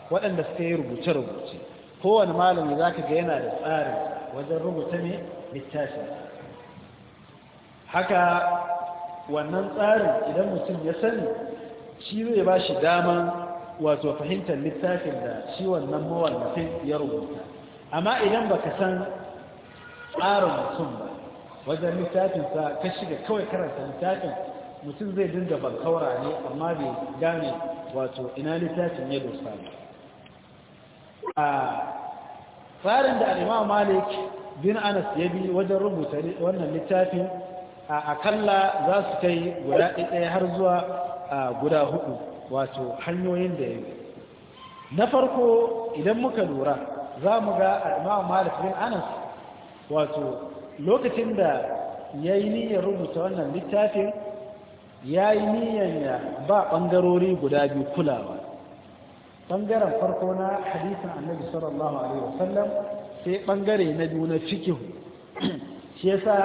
waɗanda suka yi rubuce-rubuce kowane malami za ka ga yana da tsarin wajen rubuta ne littafi haka wannan tsarin idan mutum ya sani shi zai ba shi daman wato fahimtar littafin da shi wannan mawallafin ya rubuta amma idan baka san tsarin mutum ba wajen littafinsa ka shiga kawai karanta littafin mutum zai dinga bankaura ne amma bai gane wato ina littafin ya dosa a tsarin da Alimawa malik bin anas ya bi wajen rubuta wannan littafin a akalla za su kai guda ɗaya har zuwa guda hudu wato hanyoyin da ya bi na farko idan muka lura za mu ga Alimawa malik bin anas wato lokacin da ya yi niyyar rubuta wannan littafin ya yi niyan ya ba ɓangarori guda biyu kulawa ɓangaren farko na hadisin annabi sallallahu alaihi wasallam sai ɓangare na biyu na cikin shi yasa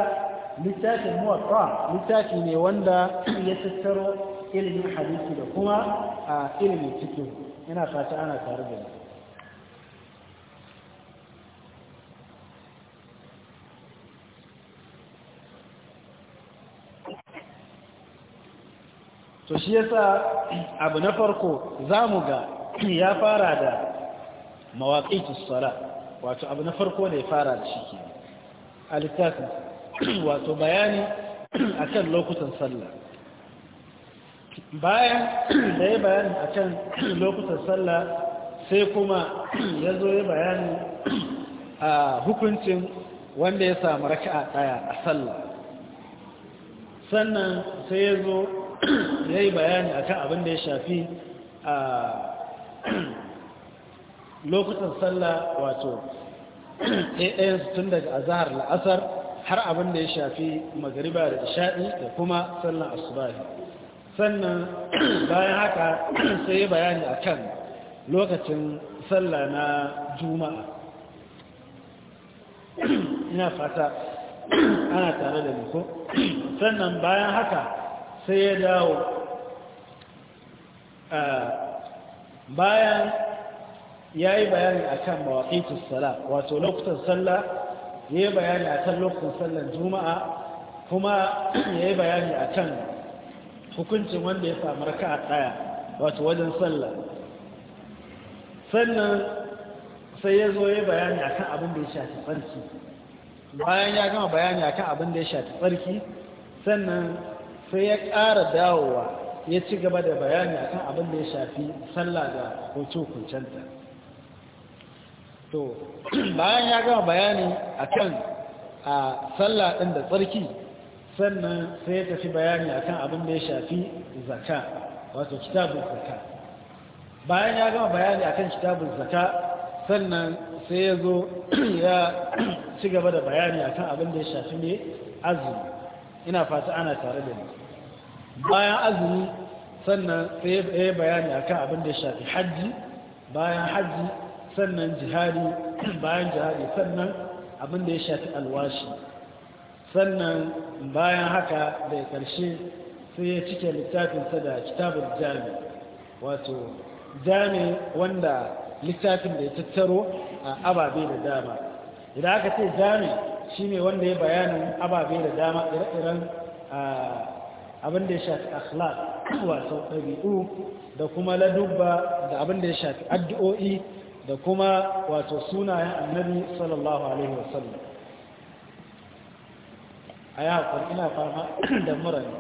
littafin muwatta littafi ne wanda ya tattaro ilimin hadisi da kuma a ilimin cikin ina fata ana tare da ni to shi yasa abu na farko zamu ga ya fara da mawaqitus sala wato abu na farko ne fara da shi ke alittafin wato bayani akan lokutan sallah bayan da ya bayani akan lokutan sallah sai kuma ya zo ya bayani a hukuncin wanda ya samu raka'a daya a sallah sannan sai ya zo ya yi bayani a kan abin da ya shafi a lokutan sallah wato ɗayan tun daga azahar la'asar har abin da ya shafi magariba da ishaɗi da kuma sallan asubahi sannan bayan haka sai ya bayani a kan lokacin sallah na juma'a ina fata ana tare da ko sannan bayan haka sai ya dawo bayan ya yi bayani a kan mawaƙitun sala wato lokutan sallah ya yi bayani a kan lokutan sallar juma'a kuma ya yi bayani a kan hukuncin wanda ya samu raka a ɗaya wato wajen sallah sannan sai ya zo ya yi bayani a kan abin da ya shafi tsarki bayan ya gama bayani a kan abin da ya shafi tsarki sannan sai ya ƙara dawowa ya ci gaba da bayani akan abin da ya shafi sallah da hoto kuncanta to bayan ya gama bayani akan a sallah ɗin da tsarki sannan sai ya tafi bayani akan abin da ya shafi zaka wato kitabun zaka bayan ya gama bayani akan kitabun zaka sannan sai ya zo ya ci gaba da bayani akan abin da ya shafi ne azumi ina fata ana tare da ni bayan azumi sannan sai ya bayani akan abin da ya shafi hajji bayan hajji sannan jihadi bayan jihadi sannan abin da ya shafi alwashi sannan bayan haka da ya karshe sai ya cike littafinsa da kitabar jami wato jami wanda littafin da ya tattaro a ababe da dama idan aka ce jami shi ne wanda ya bayanin ababe da dama ire-iren ah, abin da ya shafi akhlaq wato ɗabi'u da kuma ladubba da abin da ya shafi addu'o'i da kuma wato sunayen annabi sallallahu alaihi wasallam a yi haƙon ina fama da murari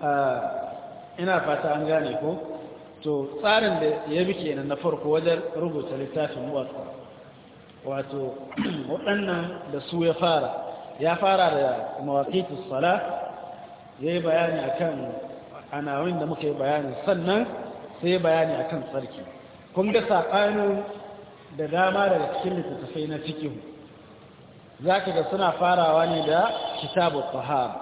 ah, ina fata an gane ko to tsarin da ya bi kenan na farko wajen rubuta littafin watsa wato waɗannan da su ya fara ya fara da mawaƙitus sala ya yi bayani a kan anawin da muka yi bayani sannan sai bayani a kan tsarki kun ga saɓanin da dama daga cikin littattafai na cikin za ka ga suna farawa ne da kitabu fahara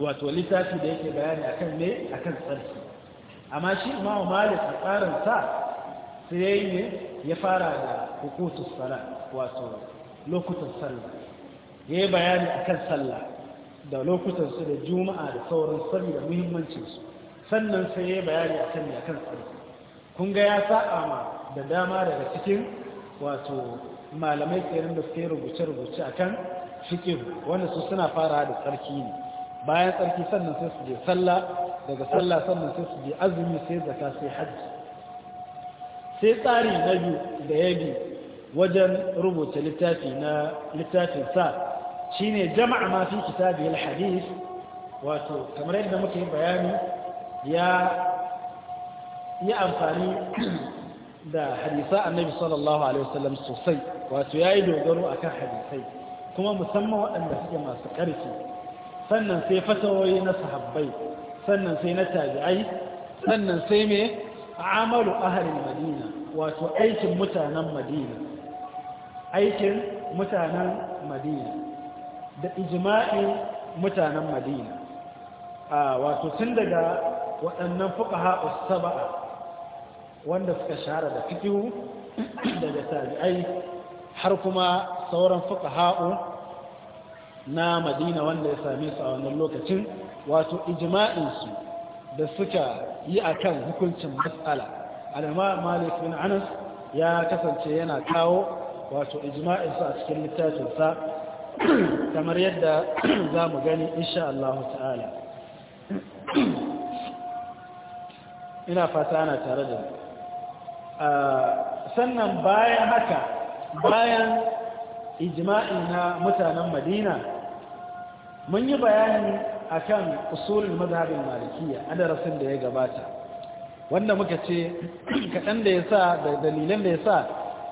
wato littafi da yake bayani a kan ne a kan tsarki amma shi imamu malik a sa. sai ya ne ya fara da hukutu sallah wato lokutan sallah ya yi bayani a kan sallah da su da juma'a da sauran sani da muhimmancinsu sannan sai ya yi bayani a kan ya kan sallah kun ga ya sa'a ma da dama daga cikin wato malamai tsirin da suke rubuce-rubuce a kan wanda su suna fara da tsarki ne bayan tsarki sannan sai su je sallah daga sallah sannan sai su je azumi sai zakka sai hajji sai tsari na biyu da ya bi wajen rubuta littafi na littafin sa shine jama'a ma fi kitabi al-hadith wato kamar yadda muke bayani ya yi amfani da hadisa annabi sallallahu alaihi wasallam sosai wato yayi dogaro akan hadisai kuma musamman waɗanda suke masu ƙarfi sannan sai fatawoyi na sahabbai sannan sai na tabi'ai sannan sai me amalu ahalin madina wato aikin mutanen madina aikin mutanen madina da ijima'i mutanen madina a wato tun daga waɗannan fuka haɓus saba'a wanda suka shahara da fikihu daga tabi'ai har kuma sauran fuka na madina wanda ya same su a wannan lokacin wato su. da suka yi a kan hukuncin matsala alama malik bin anas ya kasance yana kawo wato ijma'insu a cikin littafinsa kamar yadda za mu gani insha Allah ta'ala ina fata ana tare da sannan bayan haka bayan ijma'i na mutanen madina mun yi bayani. akan usulul mazhabin malikiya a darasin da ya gabata wanda muka ce kaɗan da yasa da dalilan da yasa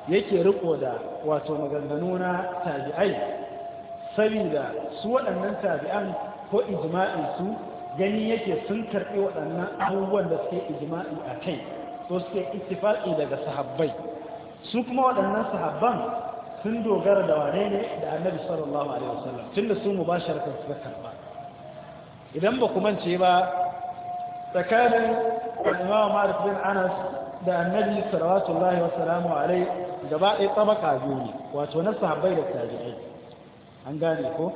yake riko da wato maganganu na tabi'ai saboda su waɗannan tabi'an ko ijma'in su gani yake sun karɓi waɗannan abubuwan da suke ijma'i a kai so suke ittifaƙi daga sahabbai su kuma waɗannan sahabban sun dogara da wane ne da annabi sallallahu alaihi wasallam tunda su mubasharatan suka karɓa idan ba ku mance ba tsakanin imam malik bin anas da annabi salawatullahi wa salamu alai gaba ɗaya tsabaka biyu ne wato na sahabbai da tabi'ai an gane ko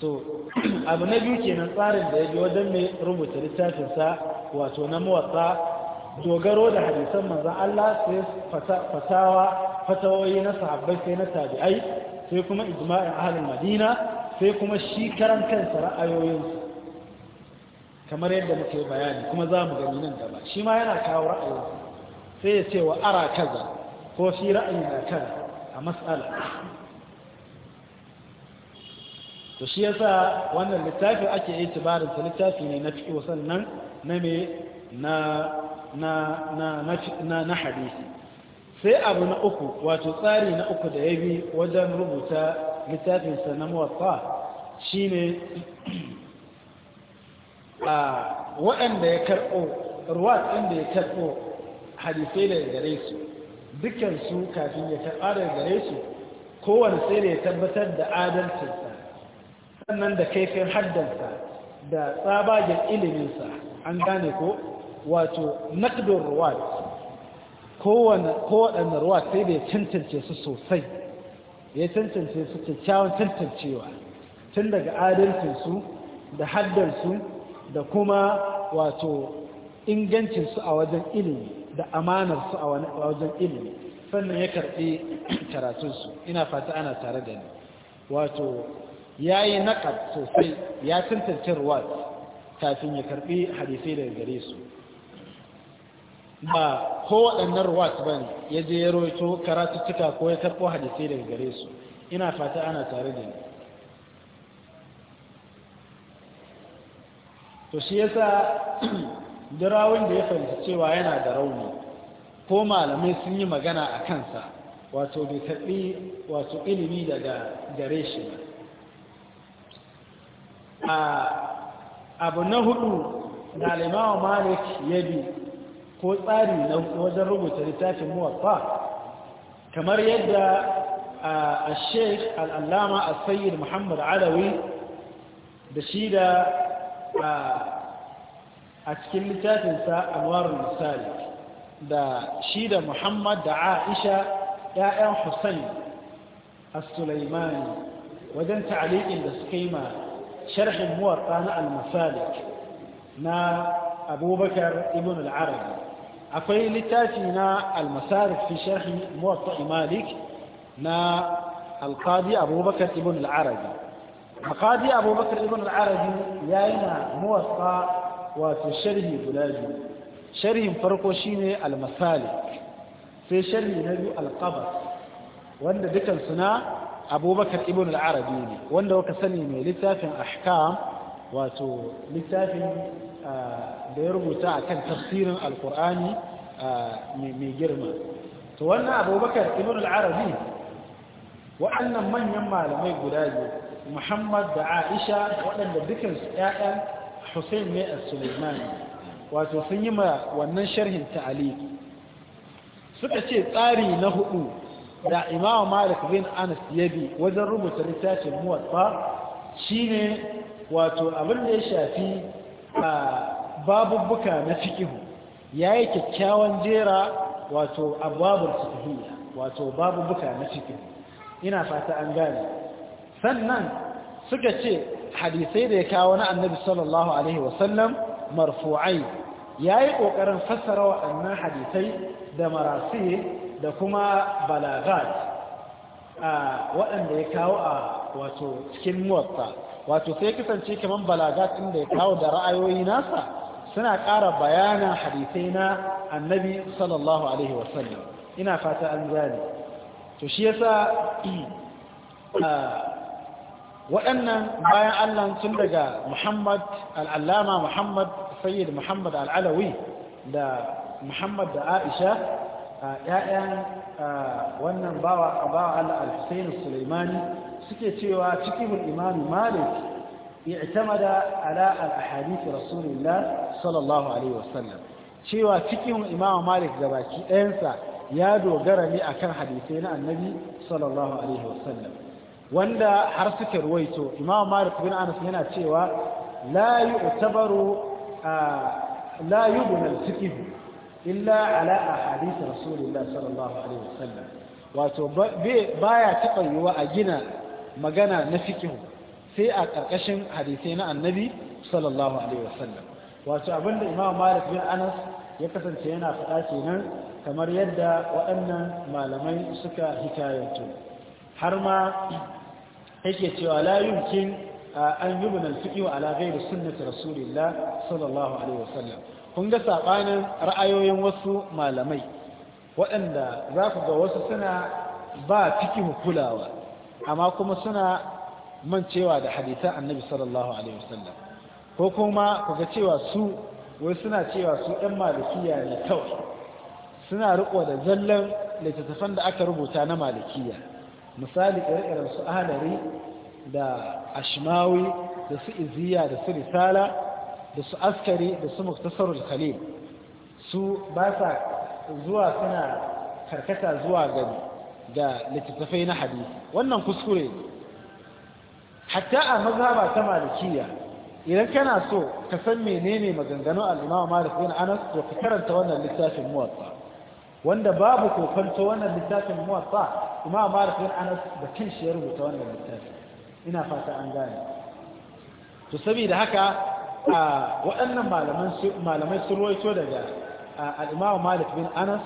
to abu na biyu kenan tsarin da ya bi wajen mai rubuta littafinsa wato na mawatsa dogaro da hadisan manzan Allah sai fatawa fatawoyi na sahabbai sai na tabi'ai sai kuma ijma'in ahalin madina sai kuma shi karan kansa ra'ayoyinsa kamar yadda muke bayani kuma za mu gani nan gaba shi ma yana kawo ra'ayinsa sai ya ce wa ara kaza ko shi ra'ayi na kaza a matsala to shi yasa wannan littafi ake itibarin sa littafi ne na fiƙo sannan na me na na na na na hadisi sai abu na uku wato tsari na uku da ya bi wajen rubuta littafinsa na muwatta shine a waɗanda ya karɓo ruwa ɗin da ya karɓo hadisai daga gare su dukansu kafin ya karɓa daga gare su kowane sai da ya tabbatar da adalcinsa sannan da kaifin haddansa da tsabagen iliminsa an gane ko wato nakdon ruwa kowane ruwa sai da ya cancance su sosai ya tantance su kyakkyawan tantancewa tun daga adalcinsu da haddarsu da kuma wato ingancinsu a wajen ilimi da amanarsu a wajen ilimi sannan ya karɓi karatunsu ina fata ana tare da ni wato ya yi naƙar sosai ya tantance ruwa kafin ya karɓi hadisai daga gare su ba waɗannan ruwat ba ne ya je ya roto karatuttuka ko ya karɓo hadisai daga gare su ina fata ana tare da ni to shi yasa dirawun da ya fahimci cewa yana da rauni ko malamai sun yi magana a kansa wato bai karɓi wato ilimi daga gare shi ba abu na hudu da alimawa malik ya bi ko tsari na wajen rubuta littafin muwatta kamar yadda a sheik al'allama a sayyid muhammad alawi da shi da a cikin littafinsa anwarun misali da shi da muhammad da aisha ‘ya'yan hussain as sulaimani wajen ta'aliƙin da suka yi ma sharhin muwatta na al-masalik na abubakar ibn al'arabi akwai littafi na al fi sharhi muwatta malik na al abubakar ibn al-arabi al abubakar ibn al-arabi yayi na muwatta wato sharhi guda sharhin farko shine al-masalik sai sharhi na biyu al-qabr wanda dukan suna abubakar ibn al-arabi ne wanda waka sani mai littafin ahkam wato littafin ah, da ya rubuta a kan tafsirin alkur'ani mai girma to wannan abubakar ibn al'arabi waɗannan manyan malamai guda biyu muhammad da aisha waɗanda dukansu ‘ya'yan hussein ne a suleimani wato sun yi ma wannan sharhin ta'aliki suka ce tsari na hudu da imamu malik bin anas ya wajen rubuta littafin muwatsa shine wato abin da ya shafi a babubbuka na fikihu ya yi kyakkyawan jera wato abubuwar fikihiya wato babubbuka na fikihu ina fata an gane sannan suka ce hadisai da ya kawo na annabi sallallahu alaihi wasallam marfu'ai ya yi ƙoƙarin fassara waɗannan hadisai da marasi da kuma balagat waɗanda ya kawo a wato cikin muwatta wato sai kasance kamar balagat inda ya kawo da ra'ayoyi nasa suna ƙara bayanan hadisai na annabi sallallahu alaihi wasallam ina fata an gane to shi yasa waɗannan bayan Allah sun daga Muhammad al'allama Muhammad sayyid Muhammad al'alawi da Muhammad da Aisha ‘ya'yan wannan bawa a Allah al-Husaini Sulaimani suke cewa cikin imami Malik i'tamada ala al-ahadith rasulillah sallallahu alaihi wasallam cewa cikin imamu malik gabaki ɗayansa ya dogara ne akan hadisai na annabi sallallahu wanda har suka ruwaito imamu malik bin anas yana cewa la yu'tabaru la yubna al-fiqh illa ala ahadith rasulillah sallallahu alaihi wasallam wato baya taɓa yiwuwa a gina magana na fikihu sai a ƙarƙashin hadisai na annabi sallallahu alaihi wasallam wato abinda imam malik bin anas ya kasance yana faɗa kenan kamar yadda waɗannan malamai suka hikayato har ma yake cewa la yumkin an yubun alfiqi wa ala ghairi sunnati rasulillah sallallahu alaihi wasallam kun ga sabanin ra'ayoyin wasu malamai waɗanda za ku ga wasu suna ba fiqh kulawa amma kuma suna mancewa da hadisan annabi sallallahu alaihi wasallam ko kuma ku ga cewa su wai suna cewa su ɗan malikiya ne kawai suna riko da zallan littattafan da aka rubuta na malikiya misali ƙirƙirar su ahalari da ashmawi da su iziya da su risala da su askari da su muktasarul khalil su ba sa zuwa suna karkata zuwa gani da littattafai na hadisi wannan kuskure ne hatta a mazhaba ta malikiya idan kana so ka san menene maganganun al-Imam Malik bin Anas to ka karanta wannan littafin Muwatta wanda babu kokonto wannan littafin Muwatta Imam Malik bin Anas da kanshi ya rubuta wannan littafin ina fata an gane to saboda haka waɗannan malaman malamai sun ruwaito daga al-Imam Malik bin Anas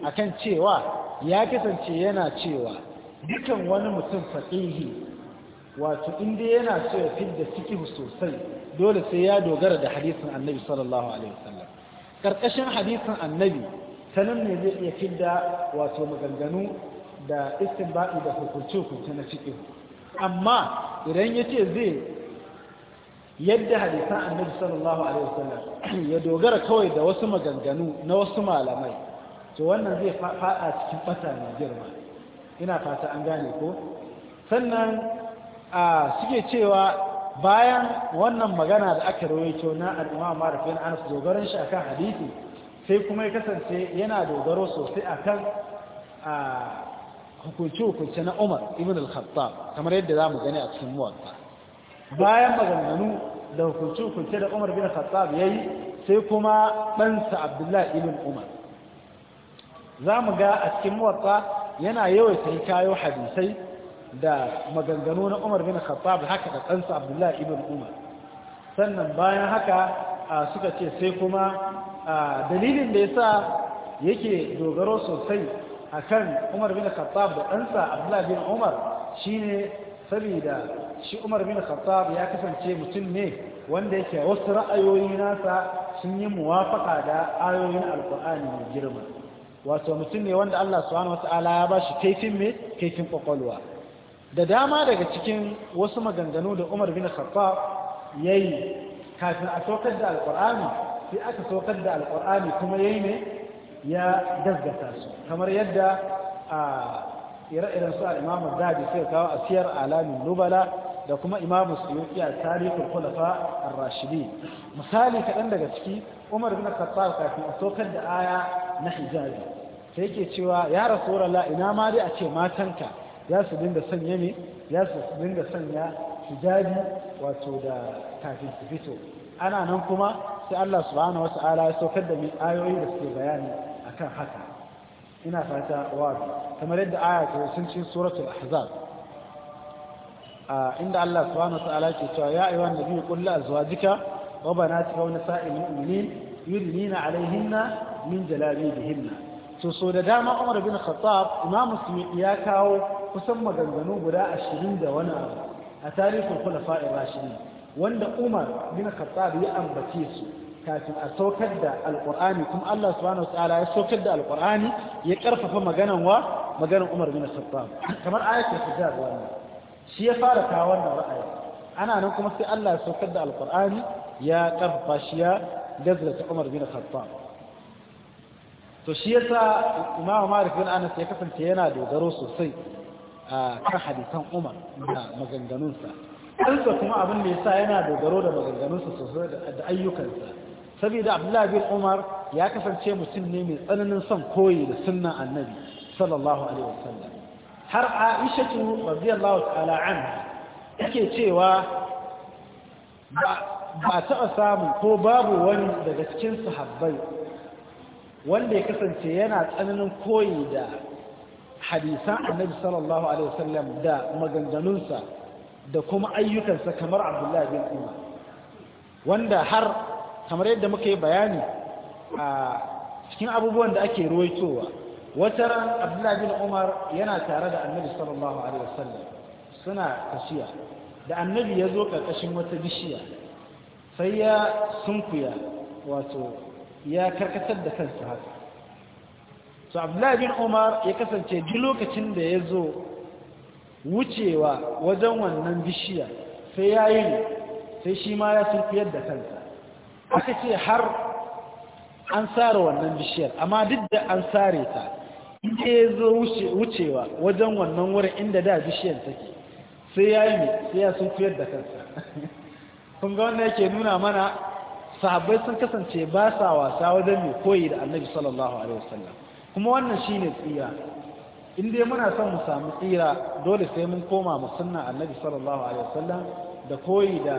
akan cewa ya kasance yana cewa dukan wani mutum faqihi wato inda yana so ya fidda sikihu sosai dole sai ya dogara da hadisin annabi sallallahu alaihi wasallam karkashin hadisin annabi sanan ne zai iya fidda wato maganganu da istinba'i da hukunce hukunce na cikin amma idan ya ce zai yadda hadisan annabi sallallahu alaihi wasallam ya dogara kawai da wasu maganganu na wasu malamai to wannan zai fada cikin bata mai girma ina fata an gane ko sannan suke cewa bayan wannan magana da aka rawaito na al'umma marufin anas dogaron shi akan hadisi sai kuma ya kasance yana dogaro sosai akan hukunci hukunce na umar ibn al-khattab kamar yadda za mu gani a cikin muwatta bayan maganganu da hukunce hukunci da umar ibn al-khattab ya sai kuma ɗansa abdullahi ibn umar za mu ga a cikin muwatta yana yawaita kayo hadisai da maganganu na Umar bin Khattab haka da kansa Abdullahi ibn Umar sannan bayan haka suka ce sai kuma dalilin da yasa yake dogaro sosai akan Umar bin Khattab da kansa Abdullahi bin Umar shine saboda shi Umar bin Khattab ya kasance mutum ne wanda yake wasu ra'ayoyi nasa sun yi muwafaka da ayoyin Alƙur'ani mai girma wato mutum ne wanda Allah subhanahu wata'ala ya ba shi kaifin me kaifin kwakwalwa da dama daga cikin wasu maganganu da umar bin khattab ya yi kafin a saukar da alkur'ani sai aka saukar da alkur'ani kuma ya yi ne ya dazgata su kamar yadda a ire-iren su Imam zabi sai kawo a siyar alamin nubala da kuma Imam suyuki a tarihul kulafa ar-rashidi misali kaɗan daga ciki umar bin khattab kafin a saukar da aya na hijabi sai yake cewa ya rasu ina ma dai a ce matanka Yasu su dinga sanya me za su dinga sanya hijabi wato da kafin su fito ana nan kuma sai Allah subhanahu wata'ala ya saukar da ayoyi da suke bayani akan haka ina fata wa kamar yadda aya ta sun ci suratul ahzab inda Allah subhanahu wata'ala ke cewa ya ayyuhan nabiyyu qul li azwajika wa banatika wa nisa'il mu'minin yudnina 'alayhinna min jalabibihinna to so da dama Umar bin Khattab Imam Muslim ya kawo kusan maganganu guda ashirin da wani abu a tarihin kula fa'i wanda umar bin khattab ya ambace su kafin a saukar da alƙur'ani kuma allah subhanahu ta'ala ya saukar da alƙur'ani ya ƙarfafa maganan wa maganan umar bin khattab kamar ayatul da wannan shi ya fara kawo wannan ra'ayi ana nan kuma sai allah ya saukar da alƙur'ani ya ƙarfafa shi ya gazgata umar bin khattab to shi yasa imamu malik bin anas ya kasance yana dogaro sosai a kan hadisan umar da maganganunsa ɗansa kuma abin da ya sa yana dogaro da maganganunsa sosai da ayyukansa saboda abdullahi umar ya kasance mutum ne mai tsananin son koyi da sunan annabi sallallahu alaihi wasallam har aisha tu radiyallahu ta'ala yake cewa ba taɓa samu ko babu wani daga cikin sahabbai wanda ya kasance yana tsananin koyi da hadisan annabi sallallahu alaihi wasallam da maganganunsa da kuma ayyukansa kamar abdullahi bin umar wanda har kamar yadda muka yi bayani a cikin abubuwan da ake ruwaitowa wata ran abdullahi bin umar yana tare da annabi sallallahu alaihi wasallam suna tafiya da annabi ya zo karkashin wata bishiya sai ya sunkuya wato ya karkatar da kansa haka so abdullahi bin umar ya kasance duk lokacin da ya zo wucewa wajen wannan bishiya sai ya yi sai shi ma ya sulfiyar da kansa aka ce har an sare wannan bishiyar amma duk da an sare ta inda ya zo wucewa wajen wannan wurin inda da bishiyar take sai ya yi sai ya sulfiyar da kansa kun ga wanda yake nuna mana sahabbai sun kasance ba sa wasa wajen mai koyi da annabi sallallahu alaihi wasallam kuma wannan shi ne tsira in dai muna son mu samu tsira dole sai mun koma mu sunna annabi sallallahu alaihi wasallam da koyi da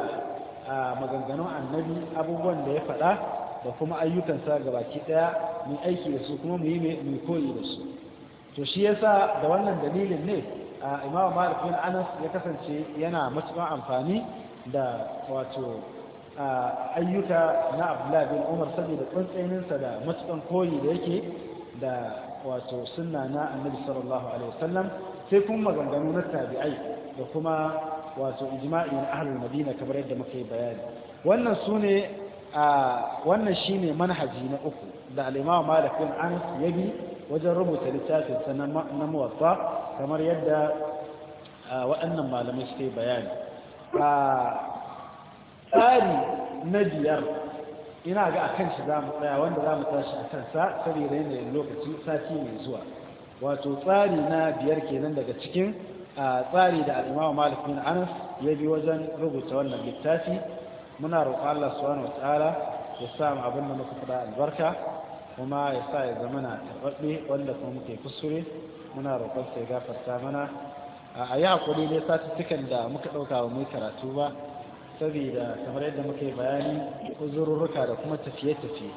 maganganun annabi abubuwan da ya faɗa da kuma ayyukansa baki ɗaya mu aiki da su kuma mu yi koyi da su to shi yasa da wannan dalilin ne imamu malik bin anas ya kasance yana matuƙar amfani da wato ayyuka na abdullahi bin umar saboda tsuntsaninsa da matuƙan koyi da yake da wato sunna na annabi sallallahu alaihi wasallam sai kuma maganganu na tabi'ai da kuma wato ijma'i na ahlul madina kamar yadda muka yi bayani wannan sune a wannan shine manhaji na uku da al-imam malik bin yabi wajen rubuta littafin sa na muwatta kamar yadda waɗannan malamai suke bayani a tsari na biyar ina ga a kan shi za mu tsaya wanda za mu tashi a kansa saboda yanayin lokaci sati mai zuwa wato tsari na biyar kenan daga cikin tsari da al'umma malik bin anas ya bi wajen rubuta wannan littafi muna roƙon allah subhanahu wataala ya sa mu abin da muka fada albarka kuma ya sa ya zama na taɓaɓɓe wanda kuma muke kuskure muna roƙon sai gafarta mana a yi hakuri ne satuttukan da muka ɗauka wa mai karatu ba saboda kamar yadda muka yi bayani uzurruka da kuma tafiye-tafiye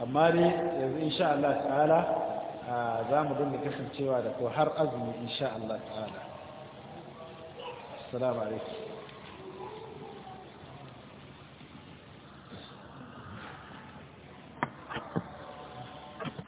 amma dai yanzu insha Allah ta'ala za mu dinga kasancewa da ko har azumi insha Allah ta'ala assalamu alaikum